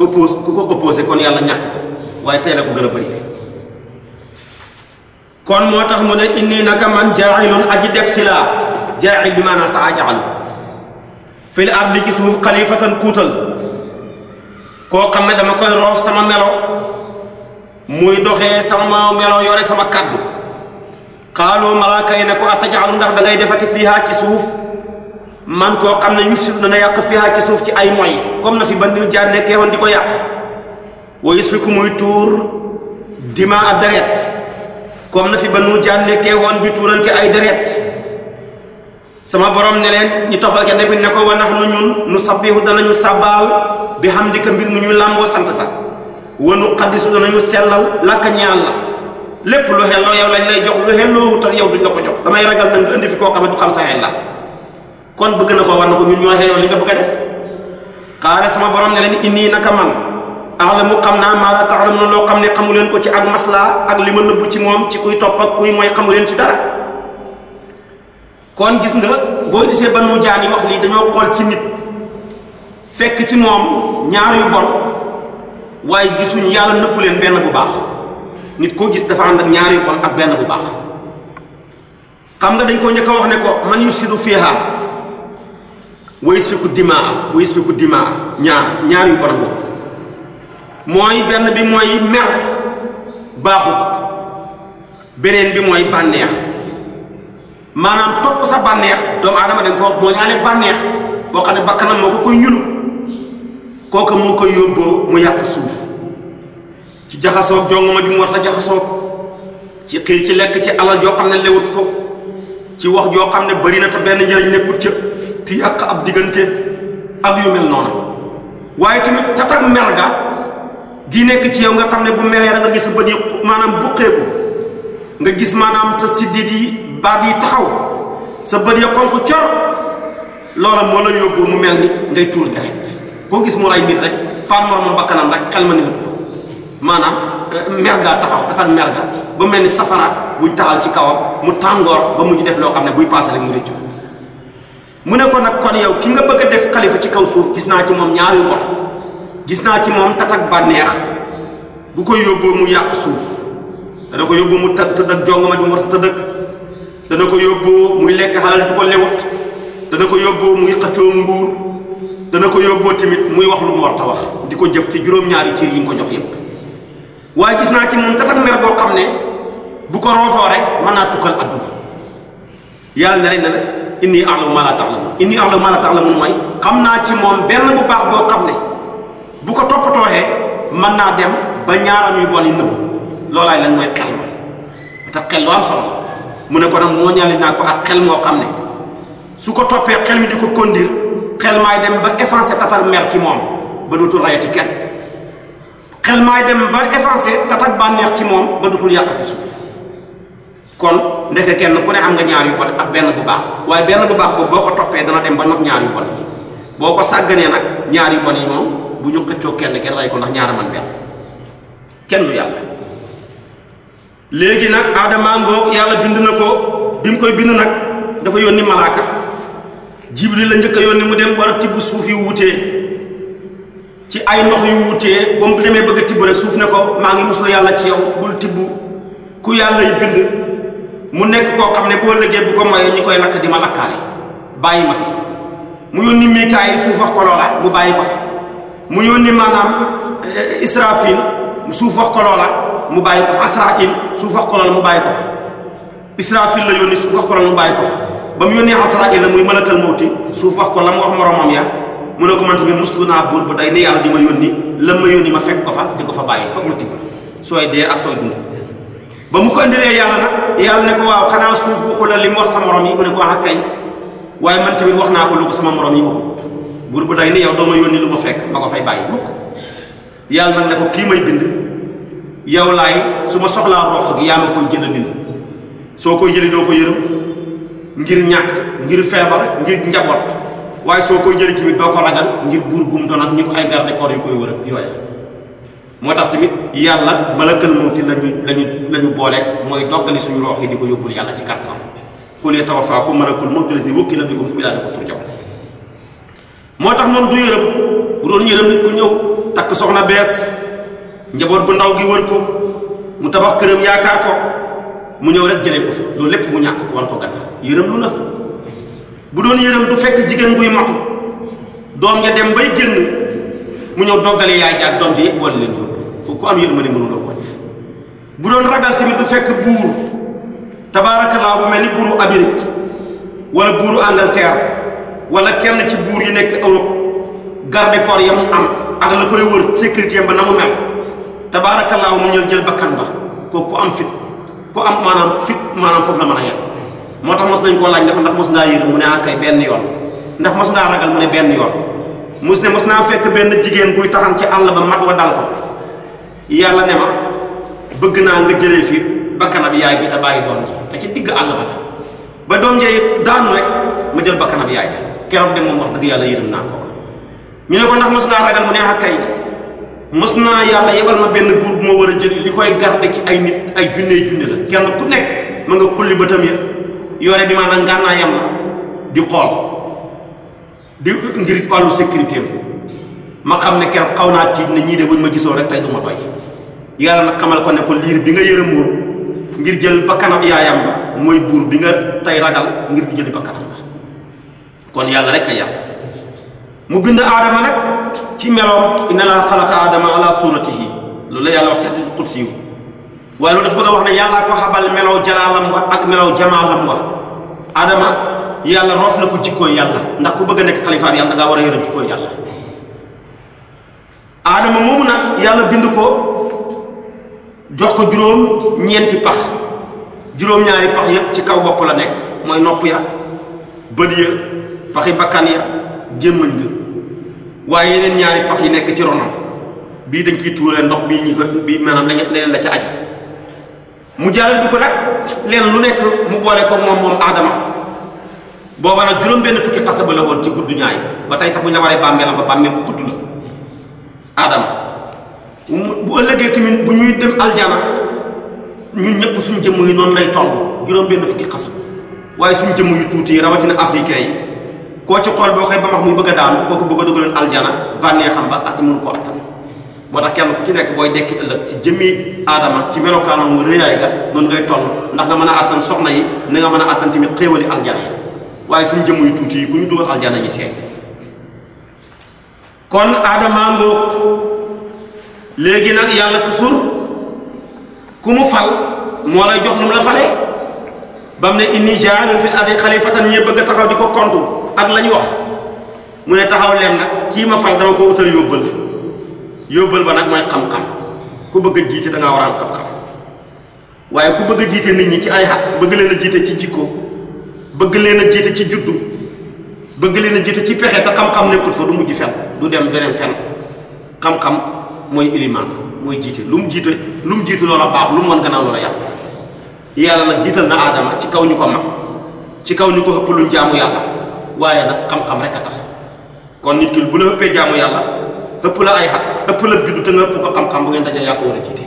oppose ku ko opposé kon yàlla ñàkk ko waaye tey la ko gën a bëri kon moo tax mu ne inni naka man jaailun aji def si laa jaail bi maanaam sa ajaxal fil ardi ci suuf xalifatan kuutal koo xam ne dama koy roof sama melo muy doxee sama melo yore sama kàddu xaaloo malaaka yi ne ko atajaxalu ndax dangay ngay defati fiihaa ci suuf man koo xam ne si dana yàq fiha ci suuf ci ay moy comme na fi ba ndiw jaar nekkee woon di ko yàq wa yusfiku muy tuur dima a deret comme na fi ba nu jaar nekkee woon di tuurante ay deret sama borom ne leen ñu tofal ca nabi ne ko wa nax nu ñun nu sabbihu danañu sabaal bi hamdika mbir mu ñu làmboo sant sa wa nu qaddisu danañu sellal lakka ñaan la lépp lu xelloo yow lañ lay jox lu xelloowu tax yow duñ la ko jox damay ragal na nga indi fi koo kon bëgg na ko war na ko ñun ñoo xeeyoo li nga bëgg a def xaala sama borom ne leen inni naka man axlamu xam naa maa la taxlamuuna loo xam ne xamu leen ko ci ak maslaa ak li ma nëbbu ci moom ci kuy topp ak kuy mooy xamu leen ci dara kon gis nga boo gisee ba nu jaan yi wax lii dañoo xool ci nit fekk ci moom ñaar yu bon waaye gisuñ yàlla nëbbu leen benn bu baax nit koo gis dafa ànd ak ñaar yu bon ak benn bu baax xam nga dañ koo njëkk wax ne ko man wayus fiku dimaa wayus fiku dimaa ñaar ñaar yu bon a mooy benn bi mooy mer baaxut beneen bi mooy bànneex maanaam topp sa bànneex doomu aadama dañ ko wax moo ñaale moo ko koy ñulu kooku moo koy yóbboo mu yàq suuf ci jaxasoog jongoma bi mu war la jaxasoog ci xiir ci lekk ci alal joo xam ne lewut ko ci wax joo xam ne bari na te benn njëriñ nekkut ca te yàq ab diggante ak yu mel waaye tamit tatak mer gi nekk ci yow nga xam ne bu melee rek nga gis sa bët yi maanaam buqeeku nga gis maanaam sa siddiit yi baat yi taxaw sa bët yi xonq cor loola moo la yóbbu mu mel ni ngay tuur deret koo gis moo lay nit rek faat moroomam bakkanam rek xel ma ni fa maanaam euh, mer gaa taxaw tatak mer ga ba mel ni safara buy taxal ci kawam mu tàngoor ba mujj def loo xam ne buy paase rek mu rëccu mu ne ko nag kon yow ki nga bëgg a def xalifa ci kaw suuf gis naa ci moom ñaar yu gis naa ci moom tat bànneex bu ko yóbboo mu yàq suuf dana ko mu tat tëdd ak ko yóbboo muy lekk xalal ju ko lewut dana ko yóbboo muy xëccoo nguur dana ko yóbboo tamit muy wax lu mu wax di ko jëf ci juróom-ñaari cër yi nga ko jox yépp waaye gis naa ci moom tat mer boo xam ne bu ko roofoo rek mën naa tukkal adduna yàlla ne na inni a'lamu ma la ta'lamun inni a'lamu ma la ta'lamun mooy xam naa ci moom benn bu baax boo xam ne bu ko toppatooxee mën naa dem ba ñaaram yu bon yi nëbb loolaay lan mooy xel ma am solo mu ne ko nag moo ñali naa ko ak xel moo xam ne su ko toppee xel mi di ko conduire xel maay dem ba effacer tatak mer ci moom ba dootul rayati kenn xel maay dem ba effacer tatak bànneex ci moom ba dootul yàqati suuf kon ndeke kenn ku ne am nga ñaar yu bon ak benn bu baax waaye benn bu baax boobu boo ko toppee dana dem ba nopp ñaar yu bon yi boo ko sàgganee nag ñaar yu bon yi moom bu ñu xëccoo kenn kenn rey ko ndax ñaara man benn kenn du yàlla léegi nag aadama ngoog yàlla bind na ko bi koy bind nag dafa yónni malaaka jibril la njëkk a yónni mu dem war a tibb suuf yu wuutee ci ay ndox yu wuutee ba mu demee bëgg a tibb rek suuf ne ko maa ngi muslu yàlla ci yow bul tibb ku yàlla yi bind mu nekk koo xam ne boo lëggee bu ko mayee ñi koy lakk di ma lakkaale bàyyi ma fi mu yónni Mikaayil suuf wax ko loola mu bàyyi ko fi mu yónni maanaam eh, Israfil suuf wax ko loola mu bàyyi ko fi Asrail suuf wax mu bàyyi ko la yónni suuf wax ko loola mu bàyyi ko fi ba mu yónnee Asrail la muy malakal mawti suuf wax ko la mu wax moromam ya mu ne ko man tamit muslu naa buur ba day ne yàlla di ma yónni lan ma yónni ma fekk ko fa di ko fa bàyyi foog ma tibb sooy dee ak sooy ba mu ko indilee yàlla nag yàlla ne ko waaw xanaa suuf waxu li mu wax sa morom yi mu ne ko ah kay waaye man tamit wax naa ko lu sama morom yi waxut bu day ni yow doo ma yónni lu ma fekk ma ko fay bàyyi mukk yàlla nag ne ko kii may bind yow laay su ma soxlaa rox gi yaa ma koy jëndalil soo koy jëli doo ko yërëm ngir ñàkk ngir feebar ngir njaboot waaye soo koy jëli tamit doo ko ragal ngir buur bu mu ñu ko ay garde corps yu koy wër yooya moo tax tamit yàlla a malakal mawti lañu lañu lañu booleeg mooy doggali suñu roox yi di ko yóbbul yàlla ci kàttanam ku lee tawafaakum malakul mawti lazi wukkila bikum summa ilaa rabbikum turja'uun moo tax moom du yërëm bu doon ñëw takk soxna bees njaboot bu ndaw gi wër ko mu tabax këram yaakaar ko mu ñëw rek jëlee ko fi loolu lépp mu ñàkk ko wan ko gannaaw yërëm lu na bu doon yërëm du fekk jigéen buy matu doom ya dem bay génn mu ñëw doggalee yaay jaag doom ji yëpp wala leen yóbbu foofu ku am yërmande mënuloo ko def bu doon ragal tamit du fekk buur tabaarakallaa bu mel ni buuru Amérique wala buuru Angleterre wala kenn ci buur yi nekk Europe garde corps ya mu am ak la koy wër sécurité ba na mu mel mu ñëw jël bakkan ba kooku ku am fit ku am maanaam fit maanaam foofu la mën a yem moo tax mos nañ koo laaj nga ko ndax mos naa yërëm mu ne ah benn yoon ndax mos ngaa ragal mu benn yoon mos ne mos naa fekk benn jigéen buy taxam ci àll ba mat wa dal ko yàlla ne ma bëgg naa nga jëlee fi bakkanab yaay ji te bàyyi doom ji te ci digg àll ba la ba doom jee daanu rek ma jël bakkanab yaay ja keroog de moom wax dëgg yàlla yërëm naa ko ñu ne ko ndax mos naa ragal mu neex a kay mos naa yàlla yebal ma benn buur bu ma war a jël li koy garde ci ay nit ay junne junne la kenn ku nekk ma nga xulli bëtam ya yore bi maanaam ngànnaayam la di xool di ngir wàllu sécurité ma xam ne keroog xaw naa tiit ne ñii de buñ ma gisoon rek tey du doy yàlla nag xamal ko ne ko liir bi nga yërëmoo ngir jël bakkanam yaayam ba mooy buur bi nga tey ragal ngir di jël bakkanam ba kon yàlla rek a yàlla mu bind aadama nag ci melo inna laa xalaqa aadama ala suratihi loolu la yàlla wax ci hadiisul qudsi waaye loolu dafa bëgg a wax ne yàllaa ko xabal melow jalaalam wa ak melow jamaalam wa aadama yàlla roof na ko jikkooy yàlla ndax ku bëgg a nekk xalifaam yàlla da ngaa war a yore jikkooy yàlla aadama moomu nag yàlla bind ko jox ko juróom ñeenti pax juróom-ñaari pax yépp ci kaw bopp la nekk mooy nopp ya bët ya paxi bakkan ya gémmañ ga waaye yeneen ñaari pax yi nekk ci ronam bii dañ ciy tuuree ndox bii ñu ko bii maanaam leneen la ca aj mu jaaral bi ko nag leen lu nekk mu boole ko moom moom aadama booba nag juróom-benn fukki xasaba la woon ci gudd ñaay ba tey sax bu ñu la waree bàmmeelam ba bàmmeel bu gudd la aadama bu ëllëgee tamit bu ñuy dem aljana ñun ñëpp suñu jëmm yi noonu lay toll juróom-benn fukki xasaba waaye suñu jëmm yu tuuti rawatina africain yi koo ci xool boo koy ba max muy bëgg a daanu kooku bëgg a dugaleen aljana bànnee xam ba ak mënu ko attan moo tax kenn ku ci nekk booy dekki ëllëg ci jëmmi aadama ci melokaanam réyaay ga noonu ngay ndax nga mën a attan soxna yi na nga mën a waaye suñu jëmm yu tuuti yi ku ñu dugal aljana ñu seet kon aadama léegi nag yàlla toujours ku mu fal moo lay jox nu mu la falee ba mu ne inni jaalun fil ardi xalifatan ñi bëgg taxaw di ko kontu ak lañ wax mu ne taxaw leen nag kii ma fal dama ko utal yóbbal yóbbal ba nag mooy xam-xam ku bëgg jiite da ngaa xam-xam waaye ku bëgg jiite nit ñi ci ay xat bëgg leen jiite ci jikko bëgg leen a jiite ci juddu bëgg leen a jiite ci pexe te xam-xam nekkul fa du mujj fenn du dem beneen fen xam-xam mooy ilimaan mooy jiite lu mu jiite lu mu jiite loola baax lu mu mën gannaaw loola yàpp yàlla nag jiital na aadama ci kaw ñu ko mag ci kaw ñu ko ëpp luñ jaamu yàlla waaye nag xam-xam rek a tax kon nit ki bu la ëppee jaamu yàlla ëpp la ay xat ëpp la juddu te nga ëpp ko xam-xam bu ngeen dajee yaa ko a jiite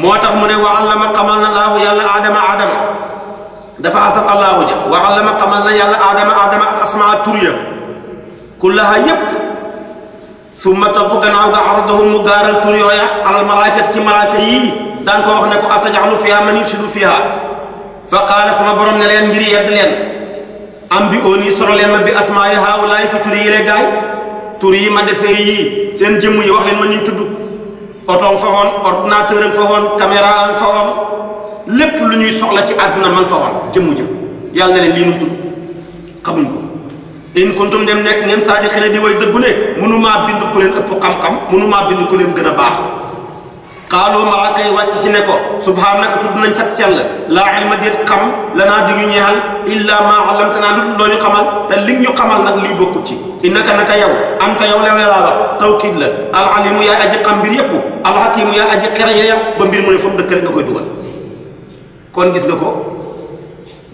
moo tax mu ne wa allama xamal allaahu ja wa allama xamal na yàlla aadama aadama al asmaa tur ya kullaha yépp summa topp gannaaw ga aradahum mu gaaral tur yooya alal malaakat ci malaaka yii wax ne ko atajaxlu fiha man fa qaala sama borom ne leen ngir yedd leen am bi ooni soro leen ma bi asmaayi haawulaay ki tur yi gaay tur yi yii seen jëmm yi wax leen ma ñu tudd otoom fa woon ordinateur am fa woon caméra fa woon lépp lu ñuy soxla ci àdduna man fa woon jëmm yàlla ne leen lii nu mu tudd xamuñ ko in kuntum dem nekk ngeen saadi xëy di way dëggu ne mënumaa bind ku leen ëpp xam-xam mënumaa bind ku leen gën a baax xaaloo malaaka yi wàcc si ne ko subhaanaka tudd nañ sat sell laa ilma déet xam lanaa di ñu ñeexal illa maa allamtanaa lu loo ñu xamal te li ñu xamal nag lii bokkut ci innaka naka yow anta yow lewee laa wax tawkiid la alalimu yaa aji xam mbir yépp alxakimu yaa aji xere ya ba mbir mu ne fa mu dëkk rek nga kon gis nga ko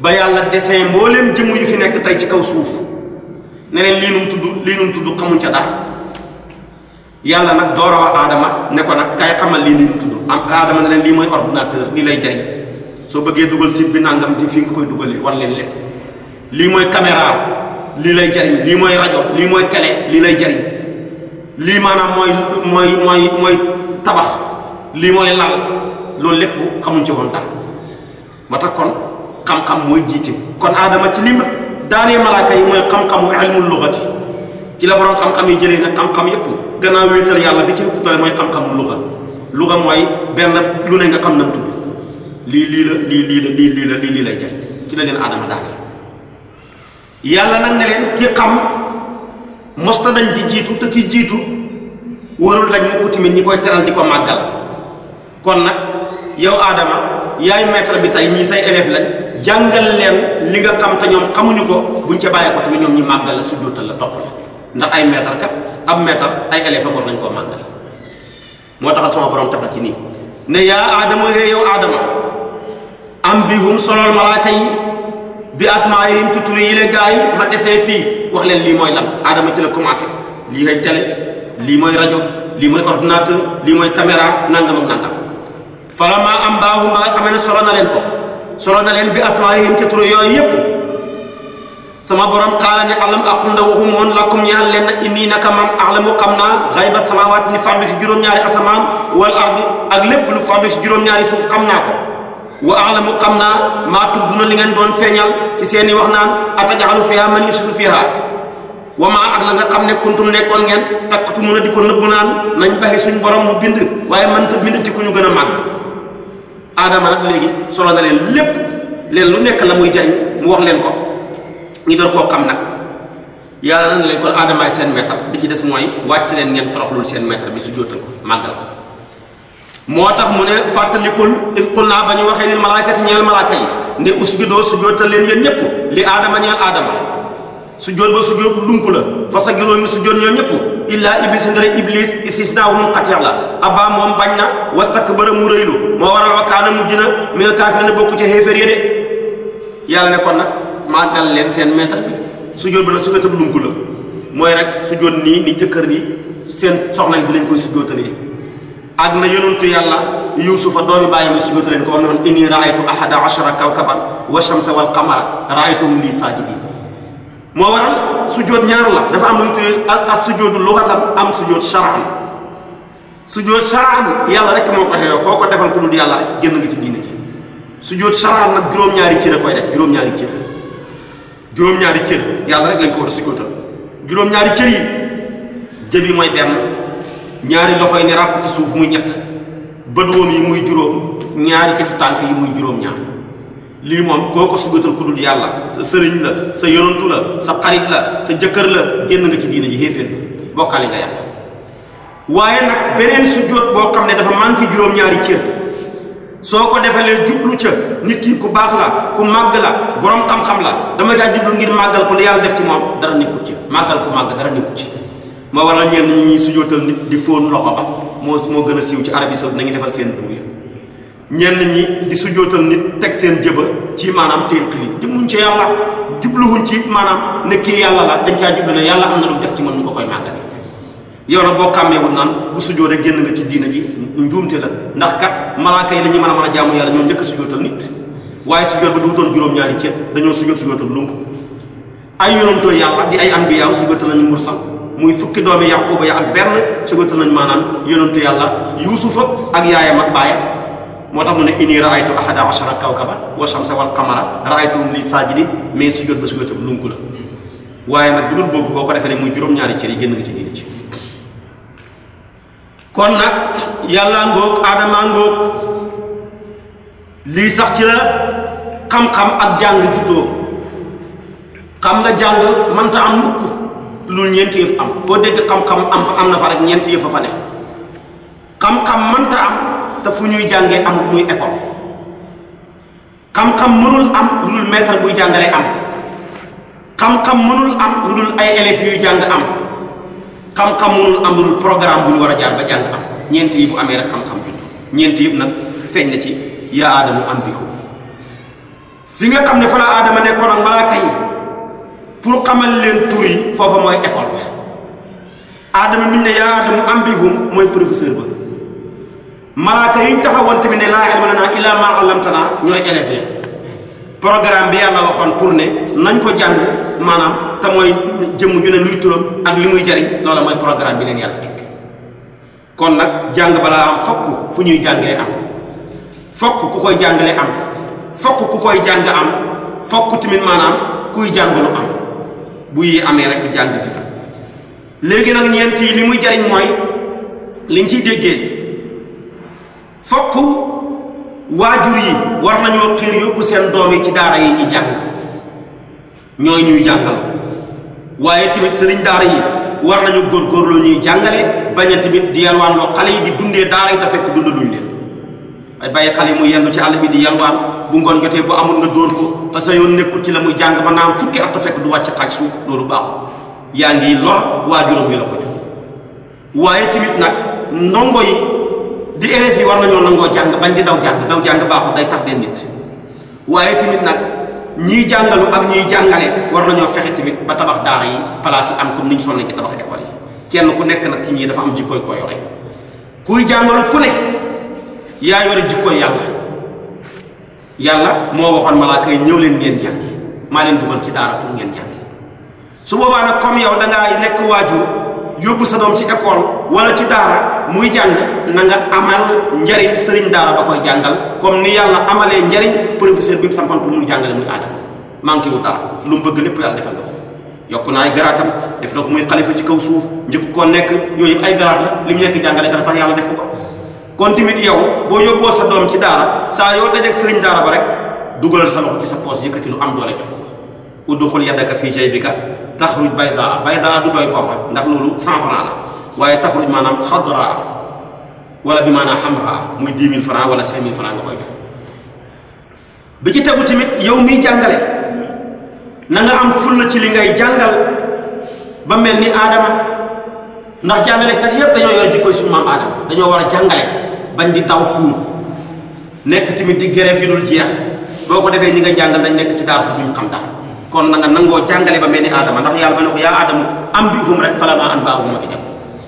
ba yàlla dessin mbooleem jëmm yu fi nekk tey ci kaw suuf ne leen lii num tudd lii num tudd xamuñ ca dara yàlla nag door a wax aadama ne ko nag kay xamal lii num tudd am aadama ne leen lii mooy ordinateur lii lay jariñ soo bëggee dugal site bi nangam di fii nga koy dugalee war leen leen lii mooy caméra lii lay jariñ lii mooy rajo lii mooy télé lii lay jariñ lii maanaam mooy mooy mooy mooy tabax lii mooy lal loolu lépp xamuñ ci woon dara ma xam-xam mooy jiite kon aadama ci lim daanee malaaka yi mooy xam-xamu ilmul luxati ci la borom xam-xam yi jële nag xam-xam yépp gannaaw wéetal yàlla bi ci ëpp xam-xamu luxa luxa nga xam nam lii lii la lii lii lay jël ci la leen aadama daane yàlla nag ne jiitu te ki jiitu warul dañ mukk ñi koy teral di ko màggal kon nag yow aadama yaay maître bi tey ñii say élève lañ jàngal leen li nga xam te ñoom xamuñu ko bu ca bàyyee ko tamit ñoom ñu màggal sujjóotal la topp la ndax ay maître kat ab maître ay élèves war nañ koo màggal moo taxal sama borom tafal ci nii ne yaa aadama hee yow aadama am bi hum bi asmaayihim tuturi yi leen gaa yi wax leen lii mooy lan aadama ci lii mooy télé lii mooy rajo lii mooy ordinateur lii mooy caméra nangam ak nangam. falammaa am baaxu mbaa xamee ne solo na leen ko. solo na leen bi asmaa'ihim ca tur yooyu yépp sama borom xaala ne alam aqul nda waxu moon lakum ñaan leen inni naka man alamu xam naa xayba samawaat ni fàmbi ci juróom-ñaari asamaan wal ardi ak lépp lu fàmbi ci juróom-ñaari suuf xam naa ko wa alamu xam naa maa tubduna li ngeen doon feeñal ci seen wax naan atajalu fiha man yusidu fiha wa maa ak la nga xam ne kuntum nekkoon ngeen takkatu mun a di ko nëbbu naan nañ baxi suñ borom mu bind waaye mënta bind ci ñu gën a màgg aadama nag léegi solo na leen lépp leen lu nekk la muy jariñ mu wax leen ko ñu door koo xam nag yàlla na leen kon aadamaay seen maître bi ci des mooy wàcc leen ngeen toroxlul seen maître bi su jóotal ko màggal ko moo tax mu ne fàttalikul is qul naa ba ñu waxee lil malaakati ñeel malaaka yi ne usjudoo su jóotal leen yéen ñépp li aadama ñeel aadama su jot ba su jot dunku la fa sa juróomi su jot ñoom ñëpp illaa iblis ndare iblis isis naaw moom xateex la abba moom bañ na wastakbara mu rëylu moo waral wakaana mujj na minal kaafiriina bokk ci xéeféer ya de yàlla ne kon nag màggal leen seen maître bi su jot ba nag su jot dunku la mooy rek su jot nii ni jëkkër bi seen soxna yi di leen koy su jotalee ak na yonentu yàlla yuusufa doomi bàyyi ma su jotaleen ko wax ne woon inni raaytu ahada ashara kawkaban wa shamsa moo waral sujjóot ñaar la dafa am lu ñu tuddee as sujjóotu luxatan am sujjóot shar'an sujjóot shar'an yàlla rek moo ko xeeyoo koo ko defal ku dul yàlla rek génn nga ci diine ji sujjóot shar'an nag juróom-ñaari cër a koy def juróom-ñaari cër ñaari cër yàlla rek lañ ko war a sujjóotal juróom-ñaari cër yi mooy benn ñaari loxo yi ne ràpp ci suuf muy ñett bët woom yi muy juróom ñaari cëtu tànk yi muy juróom-ñaar lii moom koo ko sugatal ku dul yàlla sa sëriñ la sa yonantu la sa xarit la sa jëkkër la génn nga ci diina ji xéeféen bokkaale nga yàlla waaye nag beneen sujjóot boo xam ne dafa manqué juróom-ñaari cër soo ko defalee jublu ca nit ki ku baax la ku màgg la boroom xam-xam la dama caa jublu ngir màggal ko li yàlla def ci moom dara nekkul ci màggal ko màgg dara nekkul ci moo waral ñenn ñi sujjóotal nit di fóon loxo ba moo moo gën a siiw ci Arabie Saoudite defal seen ñenn ñi di sujootal nit teg seen jëba ci maanaam téenq li jëmuñ ci yàlla jubluwuñ ci maanaam ne kii yàlla la dañ caa jublu ne yàlla am na lu def ci man mu ko koy màggale yow la boo xàmmeewul naan bu sujjóot rek génn nga ci diina ji njuumte la ndax kat malaaka yi la ñuy mën a mën a jaamu yàlla ñoo njëkk sujjóotal nit waaye sujjóot ba duutoon juróom-ñaari ceeb dañoo sujjóot sujjóotal lunku ay yonantoo yàlla di ay anbiyaaw sujjóotal nañu mursal muy fukki doomi yaquba ya ak benn sujjóotal nañu maanaam yonantu yàlla yuusufa ak yaayam ak baayam moo tax mu ne inni raaytu ahada ashara kawkaba wa shamsa wal qamara raaytuhum li saajidin mais su jot ba su jotam lunku la waaye nag bu dul boobu boo ko defee ne muy juróom-ñaari cër yi génn nga ci kon nag yàlla ngóog aadamaa ngóog lii sax ci la xam-xam ak jàng juddoo xam nga jàng mënta am mukk lul ñeenti yëf am foo dégg xam-xam am fa am na fa rek ñeenti yëf fa fa ne xam-xam mënta am te fu ñuy jàngee amul muy école xam-xam mënul am lu dul maître buy jàngale am xam-xam mënul am lu dul ay élèves yuy jàng am xam-xam mënul am lu dul programme bu ñu war a jaar ba jàng am ñeent yi bu amee rek xam-xam judd ñeent yëpp nag feeñ na ci yaa aadamu am bi ko fi nga xam ne fa la aadama nekkoon ak malaaka yi pour xamal leen tur yi foofa mooy école ba aadama miñ ne yaa aadamu am bi hum mooy professeur ba malaaka yiñ taxawoon tamit ne laa ilma lanaa illaa maa allamtanaa ñooy élèves ya programme bi yàlla waxoon pour ne nañ ko jàng maanaam te mooy jëmm ju ne luy turam ak li muy jariñ loola mooy programme bi leen yàlla teg kon nag jàng balaa am fokk fu ñuy jàngee am fokk jàngale am fokk ku koy jàng am fokk tamit maanaam kuy jàng lu am bu yi amee rek jàng jub léegi nag ñeent li muy jariñ mooy liñ ciy déggee fokk waajur yi war nañoo xiir yóbbu seen doom yi ci daara yi ñu jàng ñooy ñuy jàngal waaye tamit sëriñ daara yi war nañu góor góorgóorlu ñuy jàngale bañ a tamit di yalwaan loo xale yi di dundee daara yi te fekk dund duñ leen ay bàyyi xale yi mu yendu ci àll bi di yalwaan bu ngoon jotee bu amul nga dóor ko te sa yoon nekkul ci la muy jàng ma naam fukki at te fekk du wàcc xaaj suuf loolu baaxul yaa ngi lor waajuram yi la ko def waaye tamit nag yi di élèves yi war nañoo nangoo jàng bañ di daw jàng daw jàng baaxul day tax benn nit waaye tamit nag ñiy jàngalu ak ñiy jàngale war nañoo fexe tamit ba tabax daara yi place yi am comme ni ñu sonne ci tabax école yi kenn ku nekk nag ki ñii dafa am jikkoy ko yore kuy jàngalu ku ne yaa yore jikkoy yàlla yàlla moo waxoon malaaka yi ñëw leen ngeen jàngi maa leen dugal ci daara pour ngeen jàngi su boobaa nag comme yow da ngaa nekk waajur yóbbu sa doom ci école wala ci daara muy jàng na nga amal njariñ sëriñ daara ba koy jàngal comme ni yàlla amalee njariñ professeur bi mu sampoon pour muy jàngale muy aadama manqué wu lu mu bëgg lépp yàlla defal na yokk naa ay garaatam def na ko muy xalifa ci kaw suuf njëkk koo nekk yooyu ay garaat la li mu nekk jàngale dara tax yàlla def ko ko kon tamit yow boo yóbboo sa doom ci daara saa yoo dajeeg sëriñ daara ba rek dugalal sa loxo ci sa poos yëkkati lu am doole jox ko udduxul yadaka fii jaybika taxruj baydaa baydaa du ndax loolu cent francs waaye taxruj maanaam xadra wala bi maanaam xamra muy 10 000 francs wala 5 000 francs nga koy jox bi ci tegu tamit yow miy jàngale na nga am fulla ci li ngay jàngal ba mel ni aadama ndax jàngalekat yépp dañoo yor jikkoy suñu maam dañoo war a jàngale bañ di taw kuur tamit di grève yi dul jeex boo ko defee ñi nga jàngal dañ nekk ci daar ko xam daal kon na nga nangoo jàngale ba mel ni aadama ndax yàlla ba ne yaa aadama am bi hum rek fala ma an baaxuma bi jam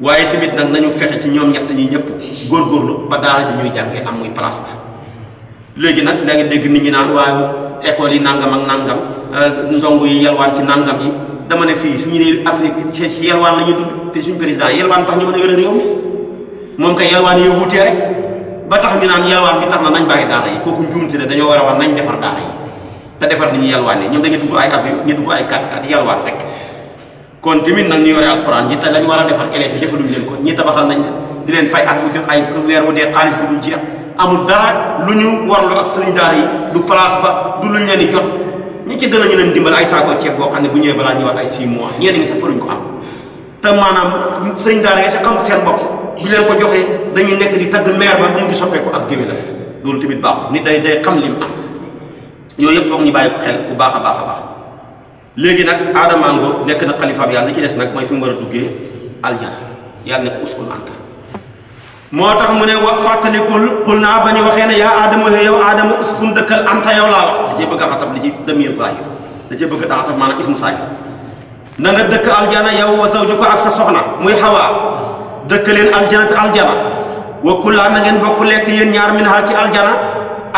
waaye tamit nag nañu fexe ci ñoom ñett ñi ñëpp góorgóorlu ba daara ji ñuy jàngee am muy place ba léegi nag léegi dégg nit ñi naan waaye école yi nangam ak nangam euh, ndongo yi yalwaan ci nangam yi dama ne fii suñu ne Afrique ci yalwaan la ñuy dund te suñu président yalwaan tax ñu mën a yore réew mi moom kay yalwaan yow wutee rek ba tax ñu naan yalwaan bi tax na nañ bàyyi daara yi kooku njuumte ne dañoo war a war nañ defar daara yi te defar ni ñu yalwaanee ñoom dañuy dugg ay avion ñu dugg ay 4x4 kon tamit nag ñu yore alquran ñi te lañ war a defal élèves yi defaluñ leen ko ñi tabaxal nañ di leen fay at bu jot ay weer wu dee xaalis bu dul jeex amul dara lu ñu warloo ak sëriñ daara yi du place ba du lu leen di jox ñi ci gën a ñu leen dimbal ay saako ceeb boo xam ne bu ñëwee balaa ñëwaat ay 6 mois ñenn ñi sax faruñ ko am te maanaam sëriñ daara yi sa xam seen bopp bu leen ko joxee dañuy nekk di tagg meer ba mu ngi soppeeku ak géwél la loolu tamit baaxul nit day day xam lim am yooyu yëpp bu baax a baax a léegi nag aadama ngoog nekk na xalifaam yàlla li ci des nag mooy fi mu war a duggee aljana yàlla ne ko uskun anta moo tax mu ne wa fàttalikul xul naa ba ñu waxee ne yaa aadama waxee yow aadama uskun dëkkal anta yow laa wax da bëgg a xataf li ci damir zahir da bëgg a taxataf maanaam ismu zahir na nga dëkk aljana yow wa zawju ko ak sa soxna muy xawaa dëkk leen aljana te aljana wa kullaa na ngeen bokk lekk yéen ñaar min ha ci aljana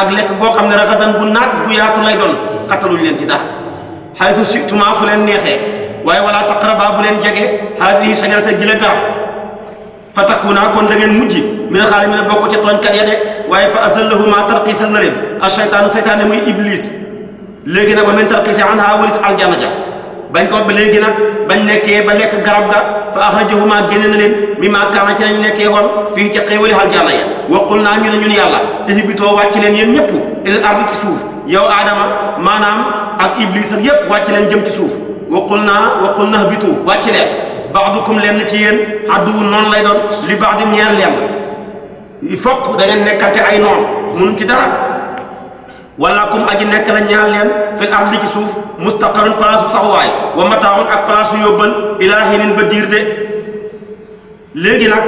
ak lekk goo xam ne raxadan bu naat bu yaatu lay doon xatalul leen ci xaytu situmaa fu leen neexee waaye wala taqrabaa bu leen jege haadihi sajarata gi la garab fa takuunaa kon da ngeen mujj min xaali mi ne bokk ca tooñkat ya de waaye fa azallahumaa tarqiisal na leen ashaytaanu seytaane muy iblis léegi nag ba men tarqiise an haa walis aljanna ja bañ ko léegi nag bañ nekkee ba nekk garab ga fa axrajahumaa génne na leen mi maa kaana ci lañ nekkee woon fii ci xéewali aljanna ya waqul naa ñu ne ñun yàlla ihbitoo wàcc leen yéen ñëpp ilal ardi ci suuf yow aadama maanaam ak iblis ak yépp wàcc leen jëm ci suuf waqul naa waqul na ihbitu wàcc leen baadukum leen ci yéen adduwu noonu lay doon li baax baadim ñeel leen fokk da ngeen nekkante ay noon mënu ci dara wala kum aji nekk la ñaal leen fil ardi ci suuf mustaqarun place bu saxuwaay wa mataaun ak place bu yóbbal ilaahinin ba diir de léegi nag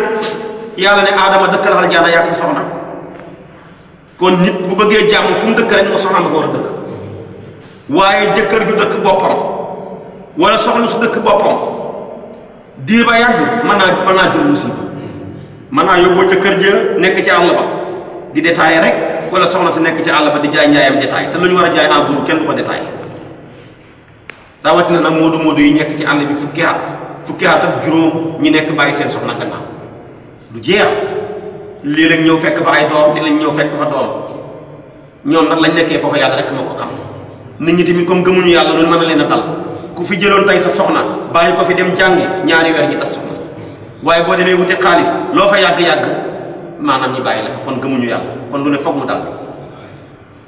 yàlla ne aadama dëkkal aljanna yaag sa soxna kon nit bu bëggee jàmm fu mu dëkk rek moo soxna nga ko war dëkk waaye jëkkër ju dëkk boppam wala soxna su dëkk boppam diir ba yàgg mën naa mën naa jur musiba mën naa yóbboo ca kër ja nekk ci àll ba di détaillé rek wala soxna si nekk ci àll ba di jaay njaayam détail te lu ñu war a jaay en groupe kenn du ko détail rawatina nag moodu moodu yi nekk ci àll bi fukki at fukki at ak juróom ñi nekk bàyyi seen soxna gannaaw lu jeex lii lañ ñëw fekk fa ay doom lii lañ ñëw fekk fa doom ñoom nag lañ nekkee foofu yàlla rek moo ko xam nit ñi tamit comme gëmuñu yàlla loolu mën na leen a dal ku fi jëloon tey sa soxna bàyyi ko fi dem jàngi ñaari weer ñi tas soxna sa waaye boo demee wuti xaalis loo fa yàgg-yàgg maanaam ñi bàyyi la fa kon gëmuñu yàlla kon lu ne foog mu dal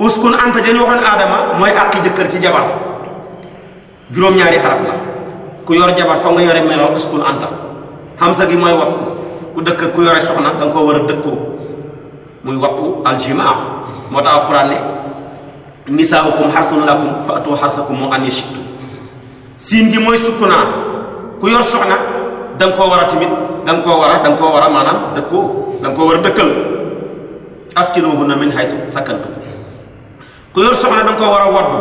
uskun anta dañu waxoon aadama mooy àqi jëkkër ci jabar juróom-ñaari xaraf la ku yor jabar foog nga yore meloon uskun anta xamsa gi mooy waqu ku dëkk ku yore soxna da koo war a dëkkoo muy waqu aljimaa moo tax alquran ne nisaaukum xarsun lakum fa atu xarsakum mu anni shitu siin gi mooy sukkunaa ku yor soxna da koo war a timit danga koo war a da koo war a maanaam dëkkoo da nga koo war a dëkkal askinuhunna min haythu sakantum sa yor soxna da nga ko war a waddu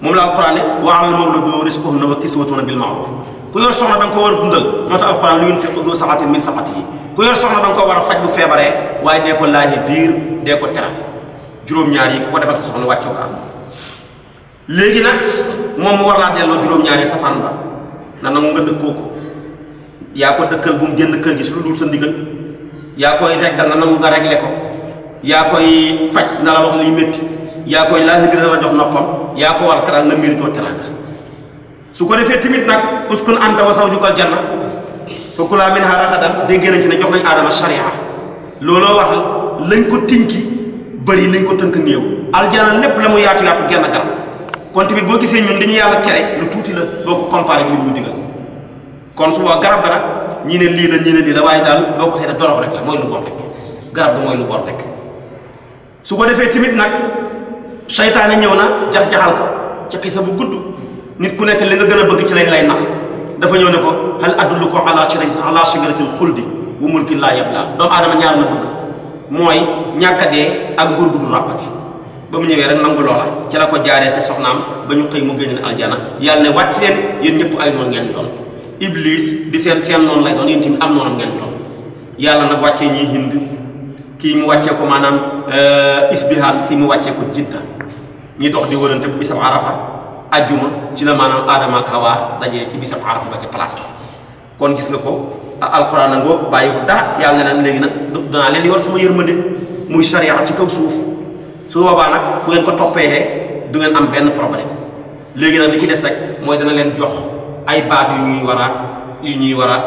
moom la alquran ne wa alal mawludi rizquhunna wa kiswatuhunna bil ma'ruf ku yor soxna da ko war a dundal moo tax alquran li yunfiqu du sa'atin min sa'atihi ku yor soxna da nga ko war a faj bu feebaree waaye dee ko laaje biir dee ko yi ku ko defal sa soxna wàccoo ko am léegi nag moom mu war laa delloo juróom-ñaar yi safaan na nangu nga dëkkoo ko yaa ko dëkkal bu mu génn kër gi su lu dul sa ndigal yaa koy reggal na nangu nga regle ko yaa koy faj na la wax luy métti yaa koy laahi biir na la jox noppam yaa ko war a teral na méritoo teranga su ko defee tamit nag uskun anta wa zawjukal janna fa kulaa minhaa ragadan déggee nañ ci ne jox nañ aadama sharia looloo wax lañ ko tinki bëri lañ ko tënk néew aljana lépp la mu yaatu yaatu genn garab kon tamit boo gisee ñun li ñu yàlla tere lu tuuti la boo ko comparé ak ñu digal kon su boobaa garab ga nag ñii ne lii la ñii ne lii la waaye daal boo ko seetee dorox rek la mooy lu bon ga mooy lu bon su ko defee tamit nag seytaane ñëw na jax-jaxal ko ci xisa bu gudd nit ku nekk li nga gën a bëgg ci lañ lay nax dafa ñëw ne ko hal adullukum ala ci ala shajaratil xuldi wa mulkin laa yablaa doomu aadama ñaar la bëgg mooy ñàkk a dee ak nguur gu du ràppati ba mu ñëwee rek nangu loola ci la ko jaaree te soxnaam ba ñu xëy mu génn aljana yàlla ne wàcc leen yéen ñëpp ay noon ngeen doon iblis di seen seen noonu lay doon yéen tamit am noonam ngeen doon yàlla nag wàccee ñii hind kii mu wàccee ko maanaam euh, isbihaan kii mu wàccee ko jidda ñi dox di wërante bi bisab arafa ajjuma ci la maanaam aadama ak xawaa dajee ci bisab arafa ba ci place kon gis nga ko alkuraan na ngoo bàyyi ko dara yàlla ne naan léegi nag danaa leen yor sama yërmande muy sharia ci kaw suuf su boobaa nag bu ngeen ko toppeexee du ngeen am benn problème léegi nag li ci des rek mooy dana leen jox ay baat yu ñuy war a yu ñuy war a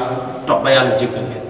topp ba yàlla jéggal